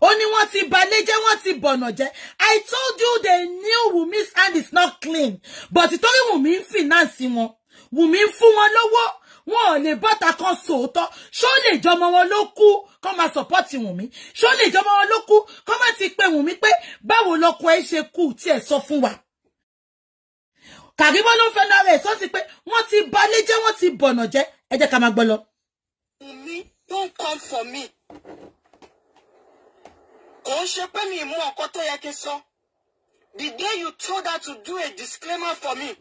ó ní wọ́n ti balẹ̀ jẹ́ wọ́n ti bọ̀nà jẹ́ i told you the new Wunmi's hand is not clean but torí Wunmi ń finance wọn Wunmi ń fún wọn lówó wọn ò lè bọ́ta kan sòótọ́ ṣó lè jọmọ wọn ló kú kọ́ máa sọ̀pọ́tì Wunmi ṣó lè jọmọ wọn ló kú kọ́ máa ti pe Wunmi pé báwo lọkọ ẹ ṣe kú tí ẹ sọ fún wa kàríbọ́ ló ń fẹ́ lára ẹ̀ sọ́sí pé wọ́n ti balẹ̀ jẹ́ wọ́n ti bọ̀nà jẹ́ ẹ jẹ́ ká máa gbọ́ lọ. Wunmi don't come for me kò ń ṣe pé mi mú ọkọ the day you told her to do a disclaimer for me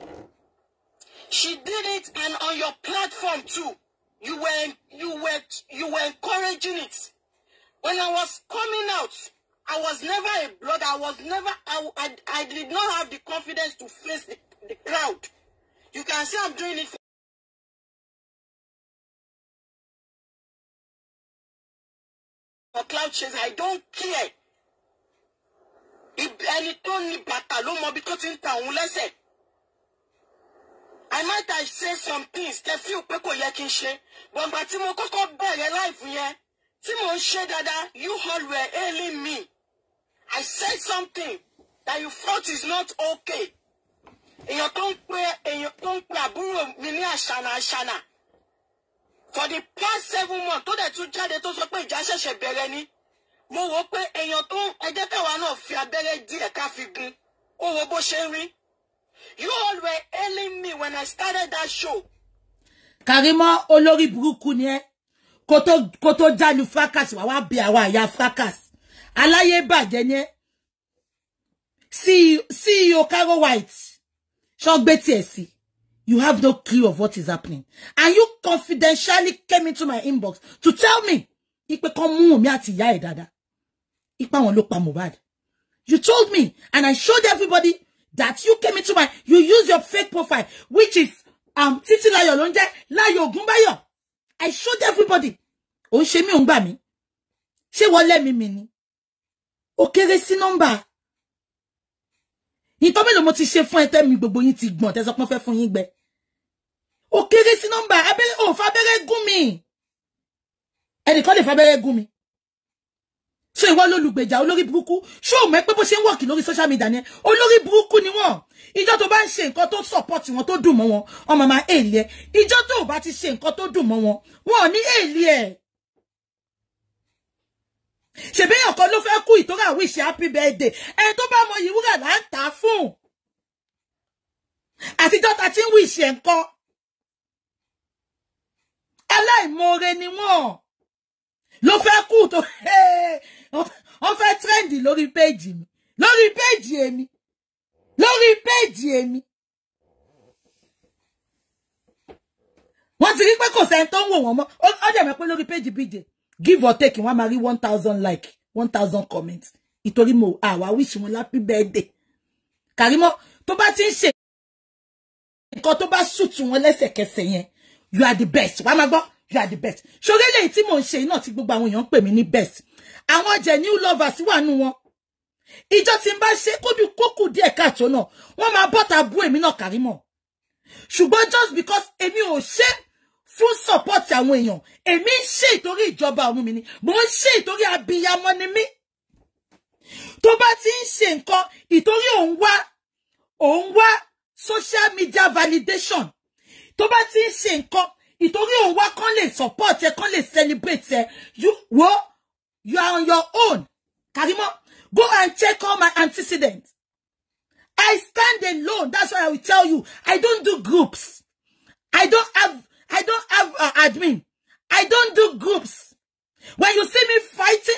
she did it and on your platform too you were you were you were encouraging it when I was coming out I was never a blogger. I was never I I, I did not have the confidence to face the, the crowd you can see I'm doing it for. for cloud chase. I don't care ẹni tó ní bàtà ló mọ ibi tó ti ń ta òun lẹ́sẹ̀. I might have said some things tẹ fíù pé kò yẹ kí n ṣe gbọ̀ngbà tí mo kọ́kọ́ bẹ̀rẹ̀ láìfù yẹn tí mò ń ṣe dáadáa you all were hailing me. I said something that you thought is not okay. èèyàn tó ń pe èèyàn tó ń pe àbúrò mi ní àṣànà àṣànà for the past seven months tó dẹ̀ tún jáde tó sọ pé ìjà ṣẹ̀ṣẹ̀ bẹ̀rẹ̀ ni mo wò pé èèyàn tó ẹ jẹ́ káwa náà fi abẹ́rẹ́ díẹ̀ ká fi gun ó wo bó ṣe ń you all were hailing me when I started that show. Karimo olórí burúkú ni ẹ kó tó kó tó jálu fracas wà wá bí àwa àyà fracas aláyé bàjẹ́ ni ẹ CEO Caro e White ṣọgbẹ́ tiẹ̀ sí you have no clue of what is happening and you confidentially came into my inbox to tell me ipe kan mu mi àti ìyá ẹ̀ dáadáa ipa wọn ló pa Mohbad you told me and I showed everybody that you came into my you use your fake profile which is um Títí Láyọ̀ ló ń jẹ́ Láyọ̀ Ògúnbáyọ̀ I showed everybody ó ń ṣe mí ó ń gbà mí ṣé wọ́n lẹ́mìí mi ni ó kéré sí nọ́mbà nǹkan mélòó mo ti ṣe fún ẹ tẹ́mi gbogbo yín ti gbọ̀n tẹ́sọ pọ́n fẹ́ fún yín gbẹ ó kéré sí nọ́mbà abẹ́rẹ́ ò fàbẹ́rẹ́ gún mi ẹnìkan lè fàbẹ́rẹ́ gún mi so ìwọ lólùgbèjà olórí burúkú Show me pé bó ṣe ń wọ̀kì lórí social media ni olórí burúkú ni wọ́n ìjọ tó bá ń ṣe nǹkan tó support wọn tó dùn mọ́ wọn ọmọ máa èlé ẹ ìjọ tó bá ti ṣe nǹkan tó dùn mọ́ wọn wọn ò ní èlé ẹ. ṣèbéyàn kan ló fẹ́ kú ìtọ́ra wíṣẹ́ happy birthday ẹni tó bá mọ ìwúrà là ń tà á fún àtijọ́ ta ti ń wíṣẹ́ nǹkan aláìmoore ni wọ́n ló fẹ́ kú tó wọ́n fẹ́ trend lórí péjì mi lórí péjì èmi lórí péjì èmi. wọ́n ti rí pé kò sẹ́ni tó ń wò wọ́n mọ́ ó dẹ̀ mọ̀ pé lórí péjì give or take wọ́n á máa rí one thousand like one thousand comment ìtorí mo àwa wish wọn happy birthday Karimo tó bá ti ń ṣe nǹkan tó bá sùtù wọn lẹ́sẹ̀kẹsẹ̀ yẹn you are the best wàá máa gbọ́ you are the best ṣòro eléyìí tí mò ń ṣe náà tí gbogbo àwọn èèyàn ń pè mí best àwọn new lovers wà nù wọn ìjọ tí n bá ṣe kódù kókù díẹ̀ káàtó náà wọ́n máa bọ́ta bú èmi náà Karimo ṣùgbọ́n just because èmi ò ṣe fún support àwọn èèyàn èmi ń ṣe ìtorí ìjọba ọ̀run mi ni mò ń ṣe ìtorí abiyamọ ni mí tó bá ti ń ṣe nǹkan ìtorí òun wá òun wá social media validation tó bá ti ń ṣe nǹkan ìtorí òun wá kán lè support ẹ kán lè celebrate ẹ wo You are on your own. Karimo, go and check all my antecedents. I stand alone. That's why I will tell you. I don't do groups. I don't have, I don't have uh, admin. I don't do groups. When you see me fighting,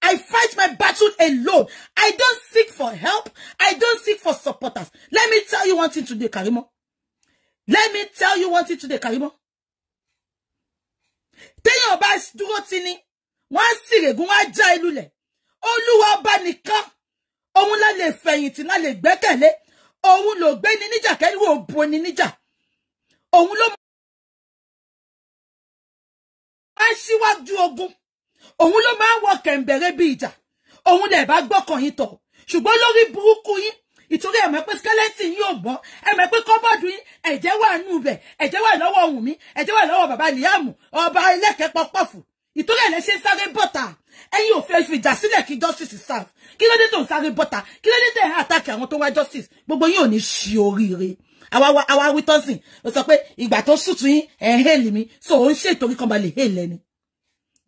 I fight my battle alone. I don't seek for help. I don't seek for supporters. Let me tell you one thing today, Karimo. Let me tell you one thing today, Karimo. Tell your do bá dúró tini wọ́n á sì règùn wọ́n á já ilulẹ̀ olúwa ọba nìkan òun la lè fẹ̀yìntì la lè gbẹ́kẹ̀lé òun ló gbé ni níjà kẹ́ríwò bo ni níjà òun ló máa ń ṣíwájú ogun òun ló máa ń wọ kẹ̀ǹbẹ̀rẹ̀ bí ìjà òun lè bá gbọ́kàn yín tọ̀ ṣùgbọ́n lórí burúkú yín ìtorí ẹ mọ̀ pé skeleton yìí ò mọ́ ẹ mọ̀ pé kọ́bọ́ọ̀dù yín ẹ̀jẹ̀ wà nù bẹ̀ ẹ̀jẹ̀ wà lọ́wọ́ Wùmí ẹ̀jẹ̀ wà lọ́wọ́ bàbá Liam ọba ẹlẹ́kẹ̀ẹ́ pọ́pọ́fù ìtorí ẹ̀ lẹ ṣe sáré bọ́ta ẹ̀yin ò fẹ́ fìjà sílẹ̀ kí justice serve kí ló dé tó ń sáré bọ́ta kí ló dé tẹ̀ ń àtàkì àwọn tó wá justice gbogbo yín ò ní ṣe oríire àwa àwa wítọ́sìn ló sọ pé ìgbà tó sùtù yín ẹ̀ ń hèlì mi so ò ń ṣe ìtorí kan balẹ̀ hèlì ẹni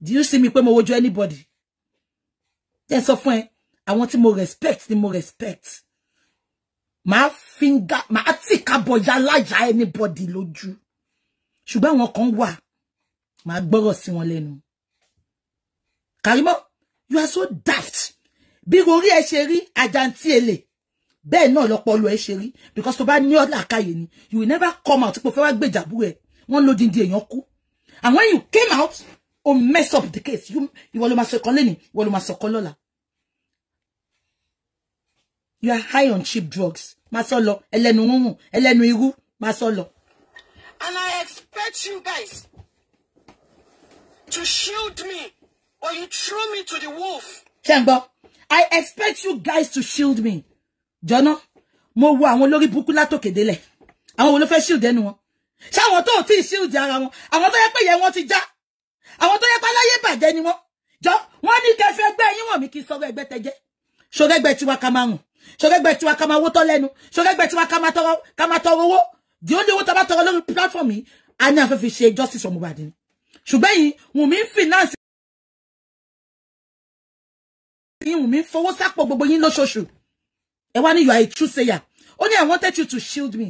do you see mi pé mo wojú anybody tẹ́ sọ fún ẹ àwọn tí mo respect ni mo respect màá fíngà màá tìka bọ̀yá láyà anybody lójú ṣùgbọ́n àwọn kan wà màá gbọ́rọ̀ sí wọn lẹ́nu Karimo you are so daft bí orí ẹ ṣe rí àjàǹtí èlé bẹ́ẹ̀ náà lọ́pọlọ ẹ ṣe rí because tó bá ní ọ̀la àkàyè ni you will never come out pé o fẹ́ wá gbèjàbú ẹ wọ́n lódìndí èèyàn kú and when you came out o mess up the case ìwọ ló máa sọ ìkan lẹ́nìí ìwọ ló máa sọ ìkan lọ́la you are high on cheap drugs máa sọ lọ ẹlẹ́nu rúnrún ẹlẹ́nu irú máa sọ lọ. and I expect you guys to shield me or you throw me to the wolf. Ṣẹ́ngbọ́, I expect you guys to shield me. Jọ́nà, mo wo àwọn olórí burúkú látòkè délẹ̀. Àwọn wo ló fẹ́ shield ẹnu wọn? Ṣé àwọn tó ti shield ara wọn? Àwọn tó yẹ pé ìyẹn wọn ti já. Àwọn tó yẹ pé aláyé bàjẹ́ ni wọ́n. Jọ́, wọ́n ní kẹfẹ́ ẹgbẹ́ yín wọ̀n mi kì í sọ̀rọ̀ ẹgbẹ́ tẹ́jẹ́. Ṣọ̀rọ̀ ẹgbẹ́ tiwa ká máa rùn. Ṣọ̀rọ̀ ẹgbẹ́ tiwa ká máa wó tọ́ lẹ́nu. Ṣọ̀rọ̀ ẹgbẹ́ tiwa ká máa tọrọ owó. Di ó lé owó tá a bá tọrọ lórí platform yìí. A ní afẹ́fẹ́ ṣe justice for Mohbad ni. Ṣùgbọ́n yìí, finance tí Wùnmí ń fowó sápò gbogbo yín lóṣooṣù ẹ wá ní you are a true sayer Only I wanted you to shield me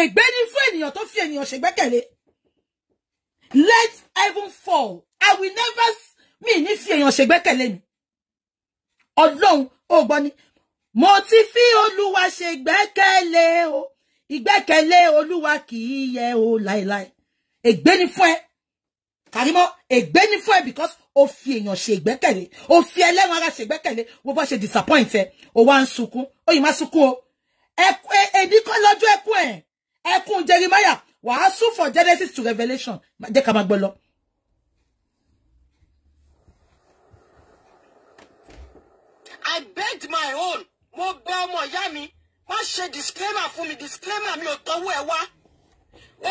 ègbé ní fún ènìyàn tó fi ènìyàn ṣègbẹ́kẹ̀lé let heaven fall I will never Me ní fi èèyàn ṣègbẹ́kẹ̀lé mi Ọlọ́run o gbọ́ ni mo ti fi Olúwa ṣègbẹ́kẹ̀lé o ìgbẹ́kẹ̀lé Olúwa kì í yẹ̀ o lai ègbé ní fún ẹ Karimo ègbé ní fún ẹ because ó fi èèyàn ṣe ìgbẹ́kẹ̀lé ó fi ẹlẹ́ran ara ṣe ìgbẹ́kẹ̀lé wo bá ṣe disappoint ẹ ó wá ń sunkún ó yìí má sunkún o e, èdè kan lọ́jọ́ ẹkún ẹ̀ ẹkún Jeremiah wàásù for Genesis to Revelation jẹ́ ká máa gbọ́ lọ. I begged my own mo bẹ̀ ọmọ ìyá mi má ṣe disclaimer fún mi disclaimer mi ò tọwọ́ ẹ wá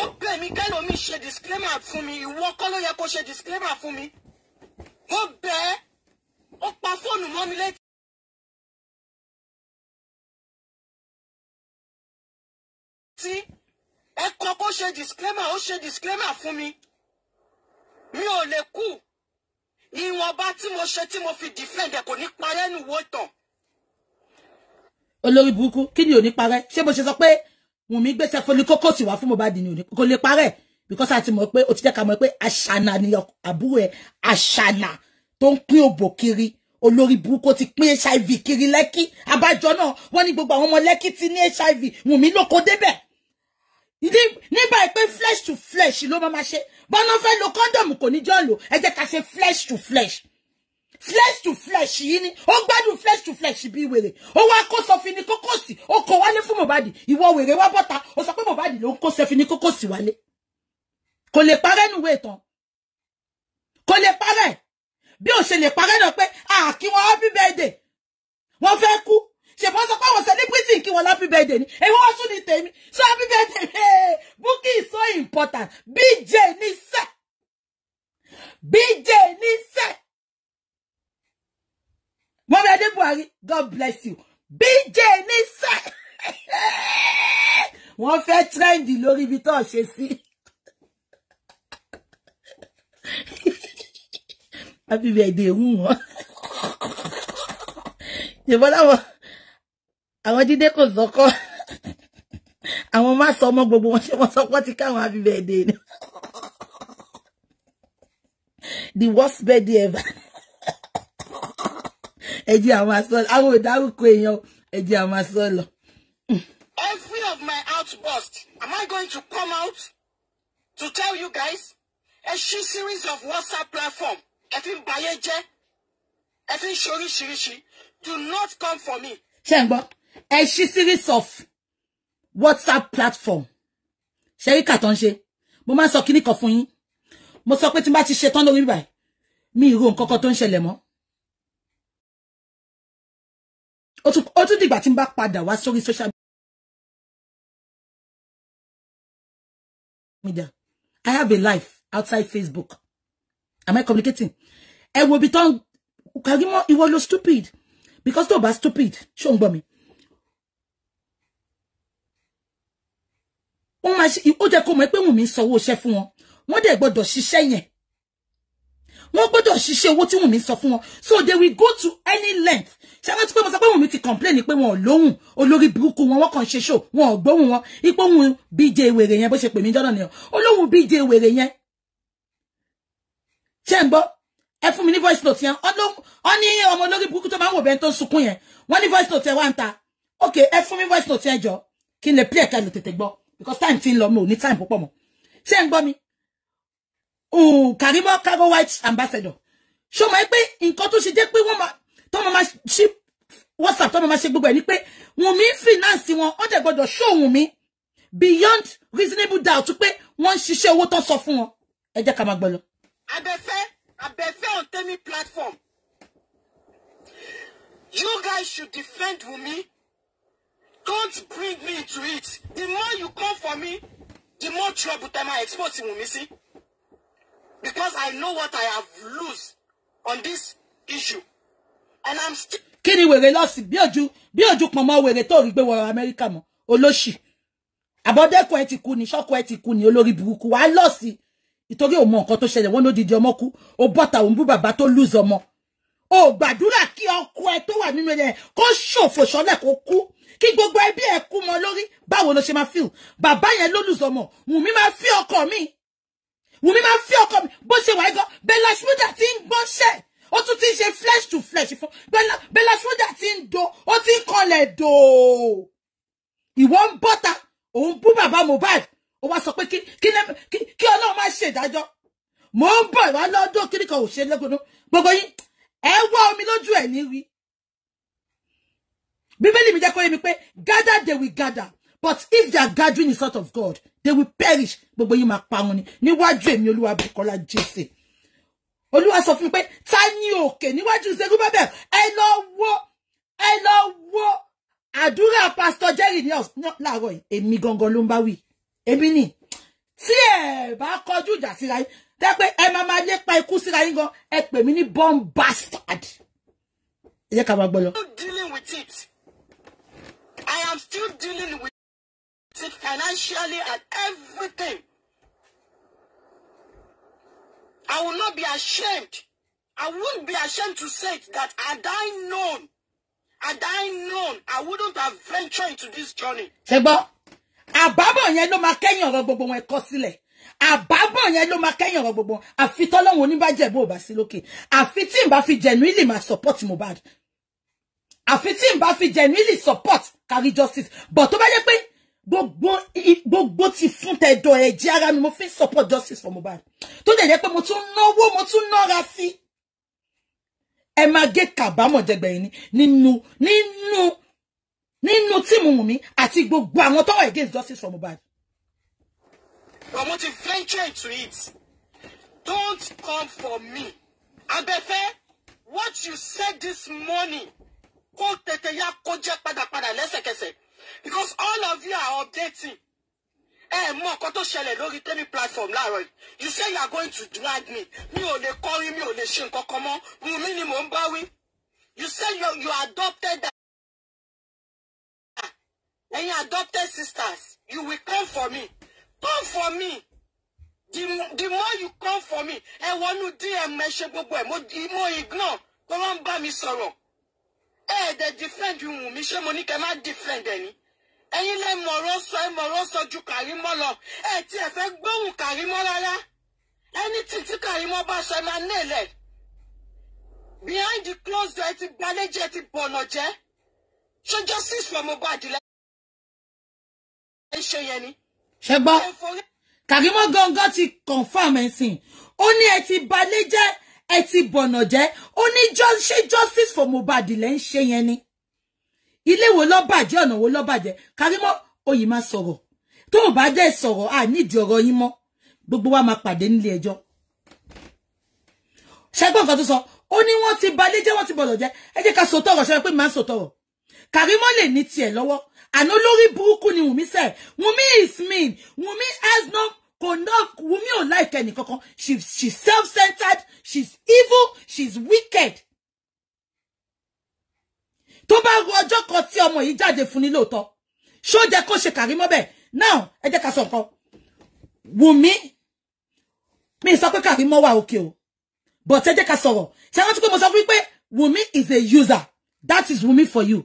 ó bẹ̀ mí kẹ́lòmí ṣe disclaimer fún mi ìwọ kọ́ ló yẹ kó ṣe disclaimer fún mi ó bẹ́ẹ̀ ó pa fóònù mọ́ mi létí. tí ẹ kọ kó ṣe disclaimer ó ṣe disclaimer fún mi mi ò lè kú ìwọ̀nba tí mo ṣe tí mo fi defend ẹ̀ kò ní parẹ́ nu wo tàn. olórí burúkú kí ni ò ní parẹ́ ṣé mo ṣe sọ pé Wùnmí gbèsè folikókòsì wá fún Mohbad ni kò lè parẹ́ because a ti mọ̀ pé o ti jẹ́ ká mọ̀ pé aṣàna ni àbúrò ẹ̀ aṣàna tó ń pín òbò kiri olórí burúkú ti pín hiv kiri lẹ́kí abájọ náà wọ́n ní gbogbo àwọn ọmọ lẹ́kí ti ní hiv wùnmí lóko débẹ̀ nígbà pé flesh to flesh ló máa ṣe bọ́nà fẹ́ lo kọ́ńdọ̀mù kò ní jọ́ lò ẹ jẹ́ ká ṣe flesh to flesh flesh to flesh yìí ni ó gbádùn flesh to flesh bí wèrè ó wá kó sọfin ní kókòsì ó kó wálé fún Mohbad ìwọ wèrè wá bọ́ta ó sọ pé Mohbad ló ń kó sọfin ní kókòsì wálé kò lè parẹ́ nùwé ìtàn kò lè parẹ́ bí ò ṣe lè parẹ́ náà pé àkí wọn happy birthday wọ́n fẹ́ kú ṣèpọ́n sọ pé àwọn celebrity kí wọn happy birthday ni èyí wọ́n tún ní tèmi so happy birthday hey, Bukky is so important BJ ní sẹ́ BJ ní sẹ́ mọ́mí adé Buhari God bless you BJ ní sẹ́ wọ́n fẹ́ trend lórí ibi tó ṣe sí. happy birthday wù wọ́n ṣùgbọ́n láwọn àwọn dídé kò sọ́kọ́ àwọn má sọ ọmọ gbogbo wọn ṣe wọ́n sọ́kọ́ ti káwọn happy birthday the worst birthday ever ẹ jẹ́ àwọn asọ́lọ àwọn ìdárúkọ èèyàn ẹ jẹ́ àwọn every of my outburst am I going to come out to tell you guys a she series of WhatsApp platform ẹ fi ń bayé jẹ́ ẹ ń ṣe oríṣiríṣi do not come for me. ṣé ń gbọ́ ẹ ṣí series of WhatsApp platform ṣe rí kàtọ́ ń ṣe mo máa ń sọ kíní kan fún yín mo sọ pé tí n bá ti ṣe tán lórí báyìí mi ìró nǹkan kan tó ń ṣẹlẹ̀ mọ́. ó tún dìgbà tí n bá padà wá sórí social media I have a life outside Facebook am I communicating ẹ will be tán Karimo iwo lo stupid because tó bá stupid ṣó ń gbọ́ mi ó máa ṣe ó jẹ́ kó mọ̀ pé Wùnmí sanwó iṣẹ́ fún wọn wọ́n dẹ̀ gbọ́dọ̀ ṣiṣẹ́ yẹn wọ́n gbọ́dọ̀ ṣiṣẹ́ owó tí Wùnmí sọ fún wọn so they will go to any length ṣé wọ́n ti pé mo sọ pé Wùnmí ti complain pé wọn ò lóhùn olórí burúkú wọn wọ́n kàn show wọn ò gbóhùn wọn ipò òun bíje wèrè yẹn bó ṣe pè mí jọ́nà nìyẹn olóhùn bíje wèrè yẹn ṣé ń gbọ́ ẹ fún mi ní voice note yẹn ọ ní ọmọ olórí burúkú tó máa ń wò bẹ́ẹ̀ tó ń sunkún yẹn wọ́n ní voice note yẹn wá ń ta ok ẹ fún mi voice note yẹn jọ kí n lè play ẹ̀ka lè tètè gbọ́ because time ti ń lọ mi ò ní time púpọ̀ mọ́ ṣé ń gbọ́ mi Karimo Karo White ambassador ṣó mọ̀ pé nǹkan tó ṣe jẹ́ pé wọ́n tó máa ṣí WhatsApp tó máa ṣe gbogbo ẹ̀ ni pé Wunmi finance wọn ó dẹ̀ gbọ́dọ̀ show Wunmi beyond reasonable doubt pé wọ́n ń ṣiṣẹ́ owó tó sọ fún wọn ẹ jẹ́ ká máa gbọ́ lọ abẹ́fẹ́ abẹ́fẹ́ on Temi platform you guys should defend Wunmi don't bring me into it the more you come for me the more trouble I expose Wunmi see? because I know what I have lose on this issue and I'm still. kí ni lost lọ sí bí ojú bí ojú pọnmọ wèrè tó rí gbé wọrọ Amẹ́ríkà mọ́ olóṣì àbọ̀dẹ́kùn ẹ ti kú ni ṣọ́kùn ẹ ti kú ni olórí burúkú wàá lọ ìtorí òun mọ nǹkan tó ṣẹlẹ̀ wọ́n ló dìde ọmọ kú ó bọ́ta òun bú bàbá tó lùzọ ọmọ ó gbàdúrà kí ọkọ ẹ tó wà nínú ẹ kó ṣòfò ṣọlẹ̀ kó kú kí gbogbo ẹbí ẹ kú mọ lórí báwo ló ṣe máa fíl bàbá yẹn ló lùzọ ọmọ Wùmí máa fi ọkọ mi Wùmí máa fi ọkọ mi bó ṣe wà gan Bella Shmurda ti ń gbọ́ṣẹ́ ó tún ti ṣe flesh to flesh fún Bella Shmurda ti ń do ó ti ń kọlẹ̀ dòó ìwọ ń bọ́ta òun bú bàbá Mohbad ó wá sọ pé kí kí ọlọ́run má ṣe ìdájọ́ mò ń bọ̀ ìwà lọ́dún kí nìkan ò ṣe lẹ́gbọ̀dún gbogbo yín ẹ wá omi lójú ẹ̀ ní wí. bíbélì mi jẹ́ kó yé mi pé gather they will gather but if their gathering is out of God they will perish gbogbo yín máa parun ni níwájú èmi olúwa Bùkọ́lá Jesse olúwa sọ fún mi pé ta ni òkè níwájú Zerubbabel ẹ lọ wo ẹ lọ wo àdúrà pastor Jerry ní láàárọ̀ yìí èmi gangan ló ń bá wí èmi ni tí ẹ bá kọjú ìjà síra yín tẹ pé ẹ máa máa lépa ikú síra yín gan ẹ pè mí ní born bastard ẹ jẹ́ ká máa still dealing with it. I am still dealing with it financially and everything. I will not be ashamed. I won't be ashamed to say it that had I known, had I known, I wouldn't have ventured into this journey. Ṣé àbábọ̀ yẹn ló máa kẹ́yìn ọ̀rọ̀ gbogbo wọn ẹ̀kọ́ sílẹ̀ àbábọ̀ yẹn ló máa kẹ́yìn ọ̀rọ̀ gbogbo àfi tọ́lọ́run oníbàjẹ́bó ò bá sí lókè àfi tí n bá fi genuinely máa support Mohbad àfi tí n bá fi genuinely support carry justice but tó bá jẹ́ pé gbogbo gbogbo ti fún tẹ̀dọ̀ ẹ̀jẹ̀ ara mi mo fi support justice for Mohbad tó dẹ̀ jẹ́ pé mo tún náwó mo tún nára sí ẹ máa gé kàbámọ̀ jẹgbẹ̀yìn nínú nínú nínú tíìmù Wùnmí àti gbogbo àwọn tó wà against justice for Mohbad. àwọn ti venture into it don't come for me abẹ́fẹ́ what you said this morning kó tètè yá kó jẹ́ padàpadà lẹ́sẹ̀kẹsẹ̀ because all of you are updating ẹ mọ nǹkan tó ṣẹlẹ̀ lórí tẹ́mi platform láàárọ̀ you say you are going to drag me mi ò lè kọrin mi ò lè ṣe nǹkan kan mọ́ Wùnmí ni mò ń bá you say you, you adopted And your adopted sisters you will come for me come for me the, the more you come for me and one who dear ṣe gbogbo ẹ mo ignore tó wọ́n ń bá mi sọ̀rọ̀ ẹ ẹ̀ dẹ̀ defend you mí ṣé mo ní kẹ́ má defend any. And you lẹ́ moroso, sọ ẹ mọ̀rọ̀ sọ ju Kàrímọ́ lọ go tí ẹ fẹ́ gbóhùn Kàrímọ́ rárá ẹni títí Kàrímọ́ bá sọ ẹ máa behind the closed door ẹ ti gbalẹ́jẹ́ ẹ ti bọ̀nà jẹ́ for Mohbad ṣe gbọ́ Karimo gangan ti confam ẹ̀sìn ó ní ẹ ti balẹ̀ jẹ́ ẹ ti bọ̀nà jẹ́ ó ní ṣé justice for Mohbad lẹ́ ń ṣe yẹn ni ilé wo ló bàjẹ́ ọ̀nà wo ló bàjẹ́ Karimo oyè máa sọ̀rọ̀ tó o bá dẹ̀ sọ̀rọ̀ à nídìí ọ̀rọ̀ yín mọ́ gbogbo wa máa pàdé nílé ẹjọ́ ṣẹgbọ́n nǹkan tó sọ ó ní wọ́n ti balẹ̀ jẹ́ wọ́n ti bọ̀nà jẹ́ ẹ jẹ́ ká sòtọ̀rọ̀ ṣe pé màá sòtọ̀rọ̀ Karimo lè ní tiẹ̀ lọ́wọ́ àná lórí burúkú ni Wùmí sẹ̀ Wùmí is mean Wùmí has no conduct. ná Wùmí ò like ẹnì kankan she she self-centered she's evil she's wicked tó bá ru ọjọ́ kan tí ọmọ yìí jáde fún ni lóòótọ́ ṣó jẹ́ kó ṣe Karimo bẹ́ẹ̀ now ẹ jẹ́ ká sọ nǹkan Wùmí mi sọ pé Karimo wà òkè o but ẹ jẹ́ ká sọ̀rọ̀ ṣé wọ́n ti pé mo sọ fún yín pé Wùmí is a user that is Wùmí for you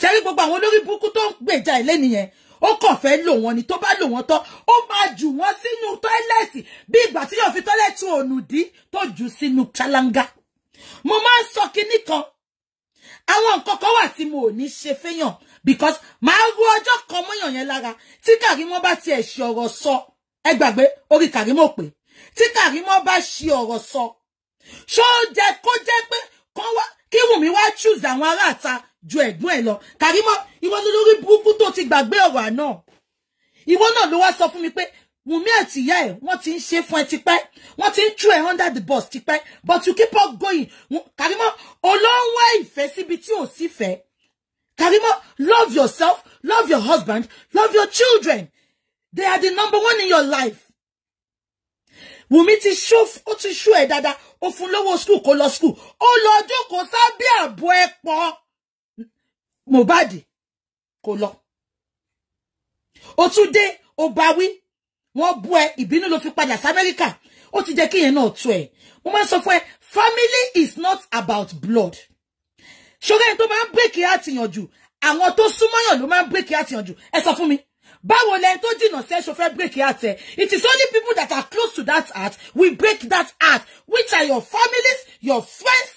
ṣe rí gbogbo àwọn olórí burúkú tó ń gbèjà ilé nìyẹn ó kàn fẹ́ lò wọ́n ni tó bá lò wọ́n tán ó máa jù wọ́n sínú tọ́ẹ́lẹ̀tì bí ìgbà tí yóò fi tọ́ẹ́lẹ̀tì ònùdí tó jù sínú ṣáláńgá mo máa ń sọ kinní kan àwọn nǹkan kan wà tí mo ò ní ṣe fẹ́yàn because màá ru ọjọ́ kan mọ́yàn yẹn lára tí Kàrímọ́ bá tiẹ̀ ṣe ọ̀rọ̀ sọ ẹ gbàgbé orí Kàrímọ́ pé tí Kàrímọ́ bá ṣe ọ̀rọ̀ sọ ṣó jẹ kó jẹ pé kí Wùmí wá choose àwọn ará ju ẹ̀gbọ́n ẹ̀ lọ Karimo ìwọ lórí burúkú tó ti gbàgbé ọ̀wà náà ìwọ náà ló wá sọ fún mi pé Wùmí àti ìyá ẹ̀ wọ́n ti ń ṣe fún ẹ tipẹ́ wọ́n ti ń tú ẹ under the bus tipẹ́ but you keep on going Karimo olóńwá ìfẹ́ síbi tí ò sí fẹ́ Karimo love yourself love your husband love your children they are the number one in your life Wùmí ti ṣó ó ti ṣó ẹ dáadáa ó fún lówó school kó lọ school ó lọ jókòó sábẹ́ ààbò ẹ̀ pọ̀. Mohbad kò lọ O tún dé ó bá wí wọ́n bú ẹ ìbínú ló fi padà sí Amẹ́ríkà ó ti jẹ́ kí yẹn náà tú ẹ mo máa ń sọ fún ẹ family is not about blood ṣọgá ẹni tó máa ń bírèkì àtìyànjú àwọn tó súnmọ́yàn ló máa ń bírèkì àtìyànjú ẹ sọ fún mi báwo lẹni tó jìnnà sí ẹṣọ fẹ́ break heart ẹ it is only people that are close to that heart we break that heart which are your families your friends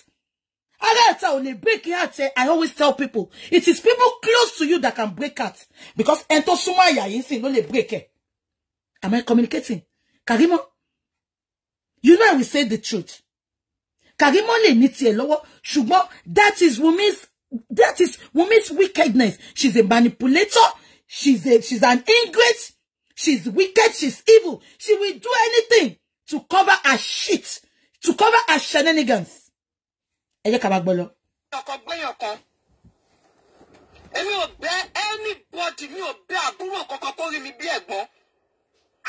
Eh? I always tell people, it is people close to you that can break out Because ẹni tó súnmọ́ àyà yìí sì break ẹ. Am I communicating? Karimo, you know I will say the truth. Karimo le ní elowo lọ́wọ́, that is woman's. that is woman's wickedness. She's a manipulator. She's a she's an ingrate. She's wicked. She's evil. She will do anything to cover her shit, to cover her shenanigans ẹ jẹ́ ká bá gbọ́ lọ. ọkọ gbẹyàn kan èmi ò bẹ anybody mi ò bẹ àbúrò kankan kó rí mi bí ẹ̀gbọ́n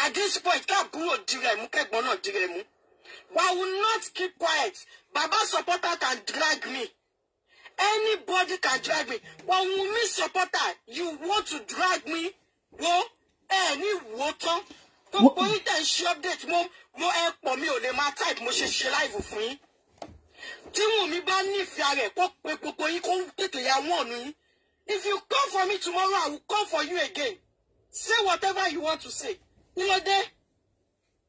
at this àbúrò dirẹ mú kẹ̀gbọ́n náà dirẹ mú but will not keep quiet baba supporter can drag me anybody can drag me but Wunmi supporter you want to drag me wo ẹ ní wo tán gbogbo yìí tẹ̀ ṣe update mo mo ẹ pọ̀ mi ò lè máa type mo ṣe ṣe live fún yín tí Wùnmí bá nífẹ̀ẹ́ rẹ̀ kó pe gbogbo yín kó tètè ya wọ́n nu yín if you come for me tomorrow i will come for you again say whatever you want to say kí ló dé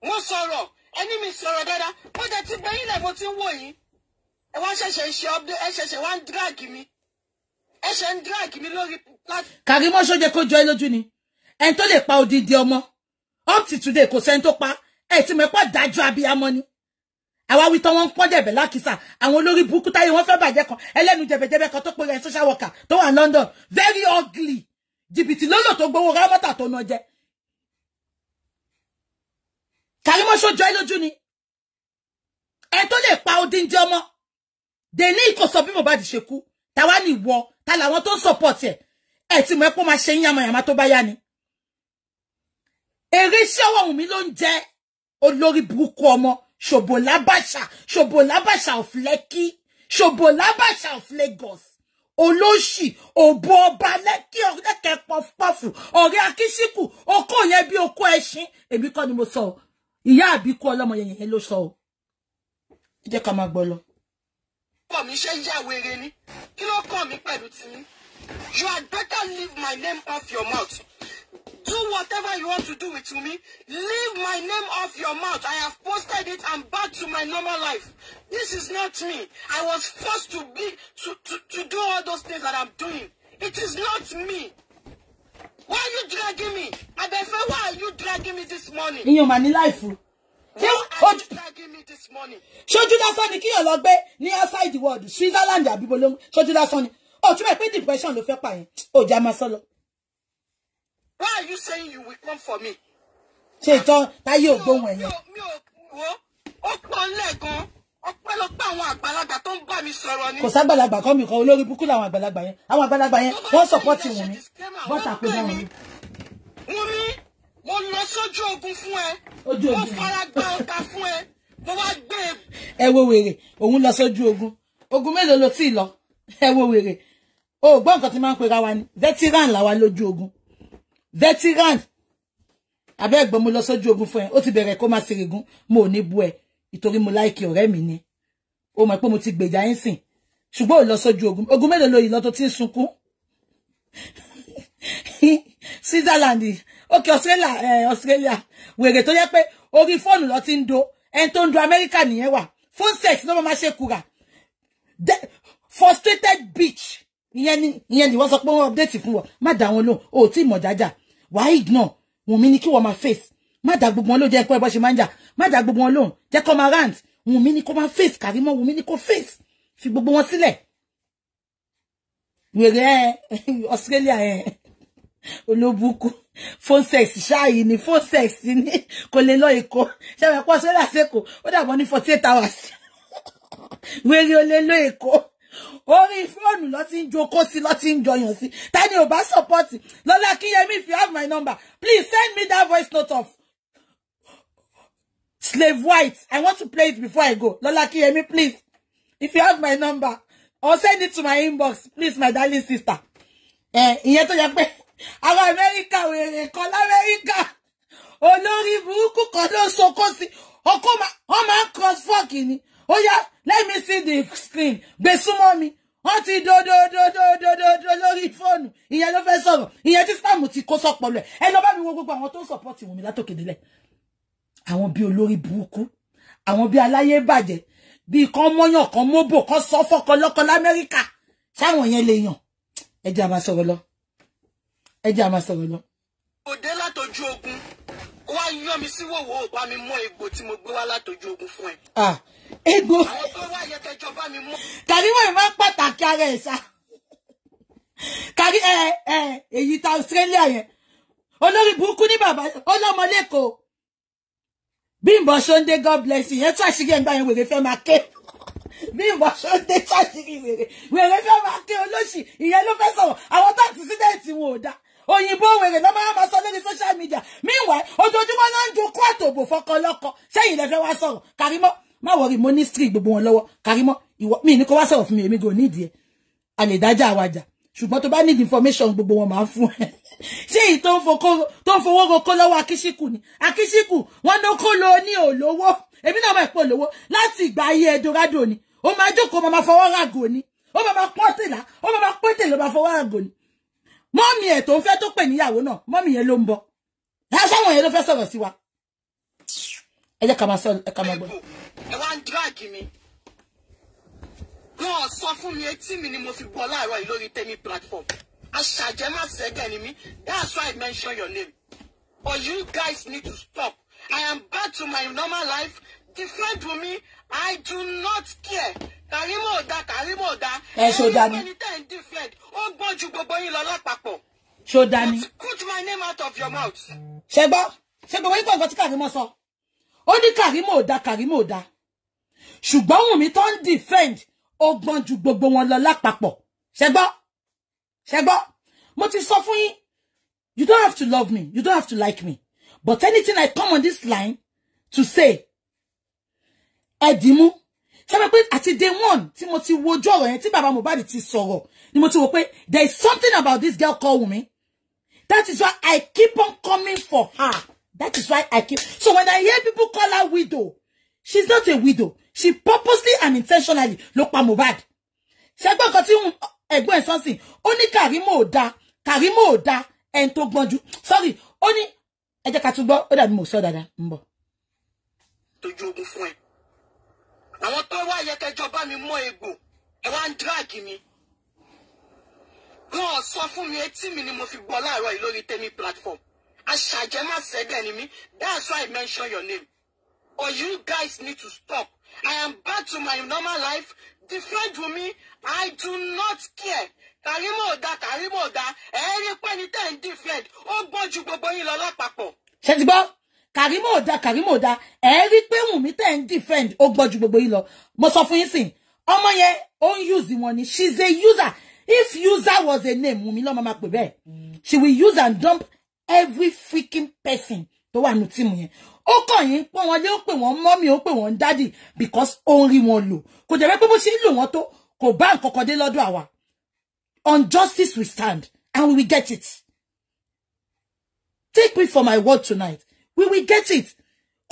mo sọ̀rọ̀ ẹni mi sọ̀rọ̀ dáadáa mo jẹ́ ti gbẹ́yìn lẹ̀ mo ti ń wò yín ẹ wá ṣẹ̀ṣẹ̀ ṣe ọdẹ ẹ ṣẹ̀ṣẹ̀ wá ń drag mi ẹ ṣẹ̀ ń drag mi lórí. Karimo Soje kó jọ ẹ lójú ni ẹni tó lè pa odidi ọmọ up to today kò sẹ́ni tó pa ẹ̀ tí mo pa dájú abiyamọ ni àwa wí tán wọ́n ń pọ́n jẹ̀bẹ̀ lákìsà àwọn olórí burúkú táyé wọ́n fẹ́ bàjẹ́ kan ẹlẹ́nu jẹ̀bẹ̀jẹ̀bẹ̀ kan tó pe rẹ̀ social worker tó wà London very ugly jìbìtì lólò tó gbowó rámọ́tà tó na jẹ kàrímọ́ṣó jọ ẹ́ lójú ni ẹ tó lè pa odindi ọmọ dèní ìkọsọ bí Mohbad ṣe kú táwa ní ìwọ ta làwọn tó ń support ẹ ẹ ti mọ ẹ pọ máa ṣe yín yamayama tó bá yá ni èrè iṣẹ́ ọwọ́ mi ló ń jẹ́ olórí burúkú ọmọ Ṣòbọ̀lá Bàṣà, Ṣòbọ̀lá Bàṣà of Lekki, Ṣòbọ̀lá Bàṣà of Lagos olóṣì òbò ọba lẹ́kí ọ̀rẹ́kẹ́ pọfupọ́fù ọ̀rẹ́ akíṣíkù okó yẹn bí okó ẹṣin èmi kọ́ ni mo sọ ìyá àbíkú ọlọ́mọ yẹn yẹn ló sọ o ẹ jẹ́ ká máa mi ṣe ń ni kí ló kàn mí pẹ̀lú tìmí you had better leave my name off your mouth Do whatever you want to do with me. Leave my name off your mouth. I have posted it. I'm back to my normal life. This is not me. I was forced to be to, to, to do all those things that I'm doing. It is not me. Why are you dragging me? My best friend, why are you dragging me this morning? In your money life. Why are you dragging me this morning? Show you that lásán ni your lọ gbé Near outside the world. Switzerland àbí bolóhùn. Ṣojú lásán you Ó tún bẹ̀ pé depression ló fẹ́ pààyàn. Ó Oh, máa sọ lọ why are you saying you will come for me. ṣe ìtọ́ táyé ògbóhùn ẹ̀yẹ. mi ò wo ó pọ́n lẹ́ẹ̀kan ọpẹ́lọpẹ́ àwọn àgbàlagbà tó ń bá mi sọ̀rọ̀ ni. kò ságbàlagbà kan mi kan olórí búkú làwọn àgbàlagbà yẹn àwọn àgbàlagbà yẹn wọ́n sọ̀pọ́tì wọn ni bọ́tà pé bá wọn ni. wọn ní mo lọ sójú ogun fún ẹ mo fara gba ọta fún ẹ mo wá gbé e. ẹ wo wèrè òun lọ sójú ogun ogun mélòó ló ti lọ ẹ wo wèrè o ò gbọ́ nǹkan tí máa ń pera wa ni veteran làwa lójú ogun veteran abẹ́ ẹ̀gbọ́n mo lọ sójú ogun fún ẹ ó ti bẹ̀rẹ̀ kó má ṣerégun mo ò ní bú ẹ ìtorí mo láìkí ọ̀rẹ́ mi ni ó mọ̀ pé mo ti gbèjà yín sìn ṣùgbọ́n ò lọ sójú ogun ogun mélòó ló yìí lọ ń sunkún Switzerland ok Australia eh, Australia wèrè tó yẹ pé orí fóònù lọ ti ń do ẹni tó ń do Amẹ́ríkà nìyẹn wà phone sex ló máa ṣe kura frustrated bitch ìyẹn ni ìyẹn ni wọ́n sọ pé wọ́n update fún wọn má dá wọn lóhùn ò tí ì mọ̀ jájà wàá ignore Wùnmí ni kí wọ́n máa face má dá gbogbo wọn lóhùn jẹ́ ẹ̀kọ́ ẹ̀bọ́ ṣe máa ń jà má dá gbogbo wọn lóhùn jẹ́ kọ́ máa rant Wùnmí ni kó máa face Kàrímọ́ Wùnmí ni kó face fi gbogbo wọn sílẹ̀ wèrè ẹ Australia ẹ olóbùkú phone sex ṣáàyè ni phone sex ni kò lè lọ Èkó ṣàbẹ̀pọ̀ Australia sẹ́kọ̀ọ́ ó dàbọ̀ ní forty eight hours wèrè ò lè lọ Èkó orí fóònù lọ ti ń jókòó sí lọ ti ń jọyàn sí tani ò bá support lọ́lá kíyẹmí if you have my number please send me that voice note of slave white i want to play it before i go lọ́lá kíyẹmí please if you have my number or send it to my inbox please my darling sister eh, ìyẹn tó yẹ pé àwọn amẹ́ríkà wèrè kan lamẹ́ríkà olórí burúkú kan ló sokó sí ọkọ máa ń cross fork ni. Oh yeah, let me see the screen gbé súnmọ́ mi wọ́n ti do lórí fóònù ìyẹn ló fẹ́ sọ̀rọ̀ ìyẹn tí spam ti kó sọpọlọ ẹ ẹ lọ bá mi wo gbogbo àwọn tó ń sọpọ́tì wọn mi látòkèdélẹ̀ àwọn bíi olórí burúkú àwọn bíi aláyé bàjẹ́ bíi kan mọ́yàn kan mọ́bò kan sọ fọ́kọ lọ́kọ lamẹ́ríkà sáwọn yẹn lè yàn ẹ jẹ́ a máa sọ̀rọ̀ lọ ẹ jẹ́ a máa sọ̀rọ̀ lọ. òde látọjú ogun wá yọ mi sí wòwò ò bá mi mọ egbò tí mo gbé wá látọjú ogun fún ẹ. egbò àwọn tó wá yẹ kẹjọ bá mi mọ. kàdíwò yìí máa ń pàtàkì ara ẹ̀ ṣá kàdí ẹ ẹ èyí ta Australia yẹn olórí burúkú ní bàbá ọlọ́mọ lẹ́kọ̀ọ́ Bímbọ́ Ṣóńdé God bless you yẹn tún àṣírí ẹ̀ ń bá yẹn wèrè fẹ́ máa ké Bímbọ́ Ṣóńdé tún àṣírí wèrè wèrè fẹ́ máa ké olóṣì ìyẹn ló fẹ́ sọ̀rọ̀ àwọn tó àti sídẹ̀ẹ̀tì wọn ò dáa òyìnbó wèrè lọ́mọ àmọ́ sọ lórí social media meanwhile ojoojúmọ́ náà ń ju kó àtòbò fọkànlọ́kọ sẹ́yìn lẹ́fẹ́ wá sọ̀rọ̀ Karimo má wọrí ministry gbogbo wọn lọ́wọ́ Karimo ìwọ mi ní kó wá sọ̀rọ̀ fún mi èmi gò nídìí ẹ̀ a lè dájà àwàjà ṣùgbọ́n tó bá need information gbogbo wọn máa fún ẹ ṣé èyí tó ń fowó roko lọ́wọ́ akíṣíkù ni akíṣíkù wọn ló kó lo ní òlówó èmi náà máa pè olówó láti ìgbà ayé ẹdorado ni ó máa jókòó máa fọwọ́ ràgò ni ó máa pọ́tìlá ó máa pọ́tìlá ó máa fọwọ́ ràgò ni mọ́mì ẹ̀ tó ń fẹ́ tó pè níyàwó náà mọ́mì yẹn ló ń bọ̀ láṣáwọn yẹn ló fẹ́ sọ̀rọ̀ sí wa ẹ jẹ́ ká máa sọ ẹ ká máa gbọ́. ẹ wá ń dírágì mi wọn sọ fún mi etí mi ni mo fi gbọ́ láàárọ̀ yìí lórí tẹmí platform aṣàjẹmásẹgẹ ni mi that's why I mention your name but you guys need to stop I am back to my normal life defend me I do not care Kàrímù ò da Kàrímù ò da. ẹ ṣòdà ni. ẹni tẹ́ ń defend ó gbọ́n ju gbogbo yín lọ lápapọ̀. ṣòdà ni. put my name out of your mouth. ṣe gbọ́ ṣe gbọ́ wípé nǹkan tí Kàrímù sọ ó ní Kàrímù ò da Kàrímù ò da ṣùgbọ́n Wùnmí tó ń defend ó gbọ́n ju gbogbo wọn lọ lápapọ̀ ṣe gbọ́ ṣe gbọ́ mo ti sọ fún yín you don't have to love me you don't have to like me but anything I come on this line to say ẹ̀dìmú. E ṣẹ́fẹ́ pé àti day one tí mo ti wojú ọ̀rọ̀ yẹn tí bàbá Mohbad ti sọ̀rọ̀ ni mo ti wò pé there is something about this girl called Wunmi that is why I keep on coming for her ah. that is why I keep so when I hear people call her widow she's not a widow she purposely and intentionally ló pa Mohbad ṣẹ́gbọ́n kan tí ẹ̀gbọ́n ẹ̀ sọ́sìn ó ní Karimo ò da Karimo ò da ẹni tó gbọ́njú sorry ó ní ẹ ká tún gbọ́ ó dàbí mo sọ dáadáa ń bọ̀. tójú ogun fún ẹ àwọn tó wá yẹ kẹjọ bá mi mọ egbò ẹ wá ń dírágì mi wọn ò sọ fún mi etí mi ni mo fi gbọ́ láàárọ̀ yìí lórí tèmi platform aṣàjẹmásẹdẹ ni mí that's why I mention your name or you guys need to stop I am back to my normal life different with me I do not care Karimo ọ̀dà Karimo ọ̀dà ẹ̀ẹ́rì pẹ́ni tẹ́ ń different ó gbọ́ ju gbogbo yín lọ lápapọ̀. ṣé ti gbọ́. Karimo ò da Karimo ò da ẹ rí pé Wùnmí tẹ̀ ń defend ó gbọ́ ju gbogbo yìí lọ mo sọ fún yín sìn ọmọ yẹn ó ń use wọn ni she a user if user was a name Wùnmí lọ́mọ máa pè bẹ́ẹ̀ she will use and dump every freaking person tó wà nù tíìmù yẹn ó kàn yín pọ́n wọn lé ó pè wọ́n mọ́mì ó pè wọ́n dádì because ó ń rí wọn lò kò dẹ̀ rẹ́ pé bó ṣe ń lò wọ́n tó kò bá nǹkan kan dé we stand and we will get it take me for my word tonight we will get it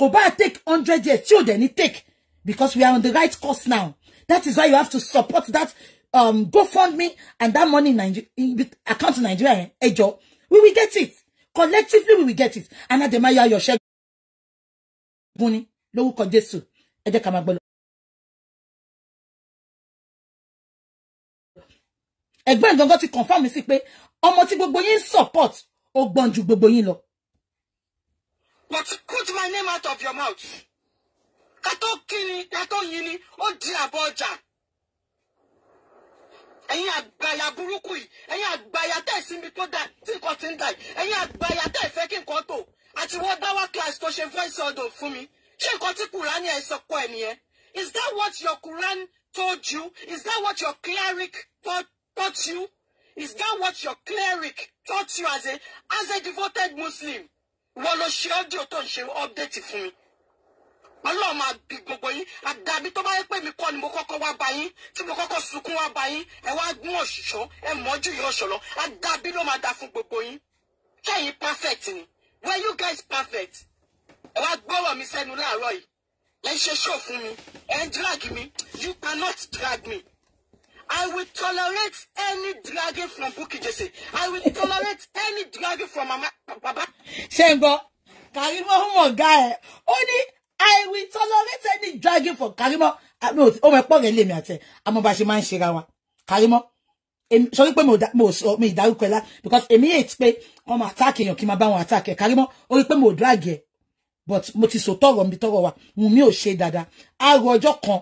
kò take hundred years tí ò dẹ̀ take because we are on the right course now that is why you have to support that um, GoFundMe and that money in Nigeria account in Nigeria Hey eh, Joe, we will get it collectively we will get it anademaya yoshe your share. Jésù ẹ jẹ́ ká Ede gbọ́ lọ. don't go to confirm, mi sí pé ọmọ tí gbogbo yín support ogbonju gbọ́n ju gbogbo yín but put my name out of your mouth ká tó kíni ká tó yin ni ó di àbọ̀ ọjà ẹ̀yin àgbàyà burúkú yìí ẹ̀yin te tẹ̀ síbi tó da tí nǹkan ti ń dà yìí ẹ̀yin àgbàyà tẹ̀ fẹ́ kí nǹkan tó àti wọ́n class tó ṣe voice audio fún mi ṣé nǹkan tí kùránì ẹ̀ sọ kọ́ ẹ̀ is that what your Quran told you is that what your cleric taught you is that what your cleric taught you as a as a devoted Muslim wọ́n ló ṣe ọ́díò tó ń ṣe ọ́pdẹ́tì fún mi ọlọ́run máa bi gbogbo yín àdàbí tó bá yẹ pé mi kọ́ ni mo kọ́kọ́ wá bá yín tí mo kọ́kọ́ sunkún wá bá yín ẹ wá gún òṣìṣọ́ ẹ mọ́jú yìí ọ̀ṣọ́lọ́ àdàbí ló máa da fún gbogbo yín kẹ́yìn perfect ni were you guys perfect ẹ wá gbọ́rọ̀ mi sẹ́nu láàárọ̀ yìí ẹ ṣe ṣó fún mi ẹ drag me. you cannot drag me I will tolerate any dragging from Bukky Jesse. I will tolerate any dragging from Mama Baba. Ṣé ń gbọ́, Karimo ń mọ̀ ọ̀gá ẹ̀. I will tolerate any dragging from Karimo. No, ah, ó mọ̀ ẹ̀pọ̀ rẹ̀ lèmi àtẹ̀. Àmọ́ bá a bashiman shigawa. ń Sorry, ra wa. most sọ me, mo sọ mi because Emi expect ti attacking ọmọ àtàkì èèyàn kì í máa bá Karimo ó rí pé drag ẹ but mo ti sọ tọrọ mi tọrọ wa wùn mi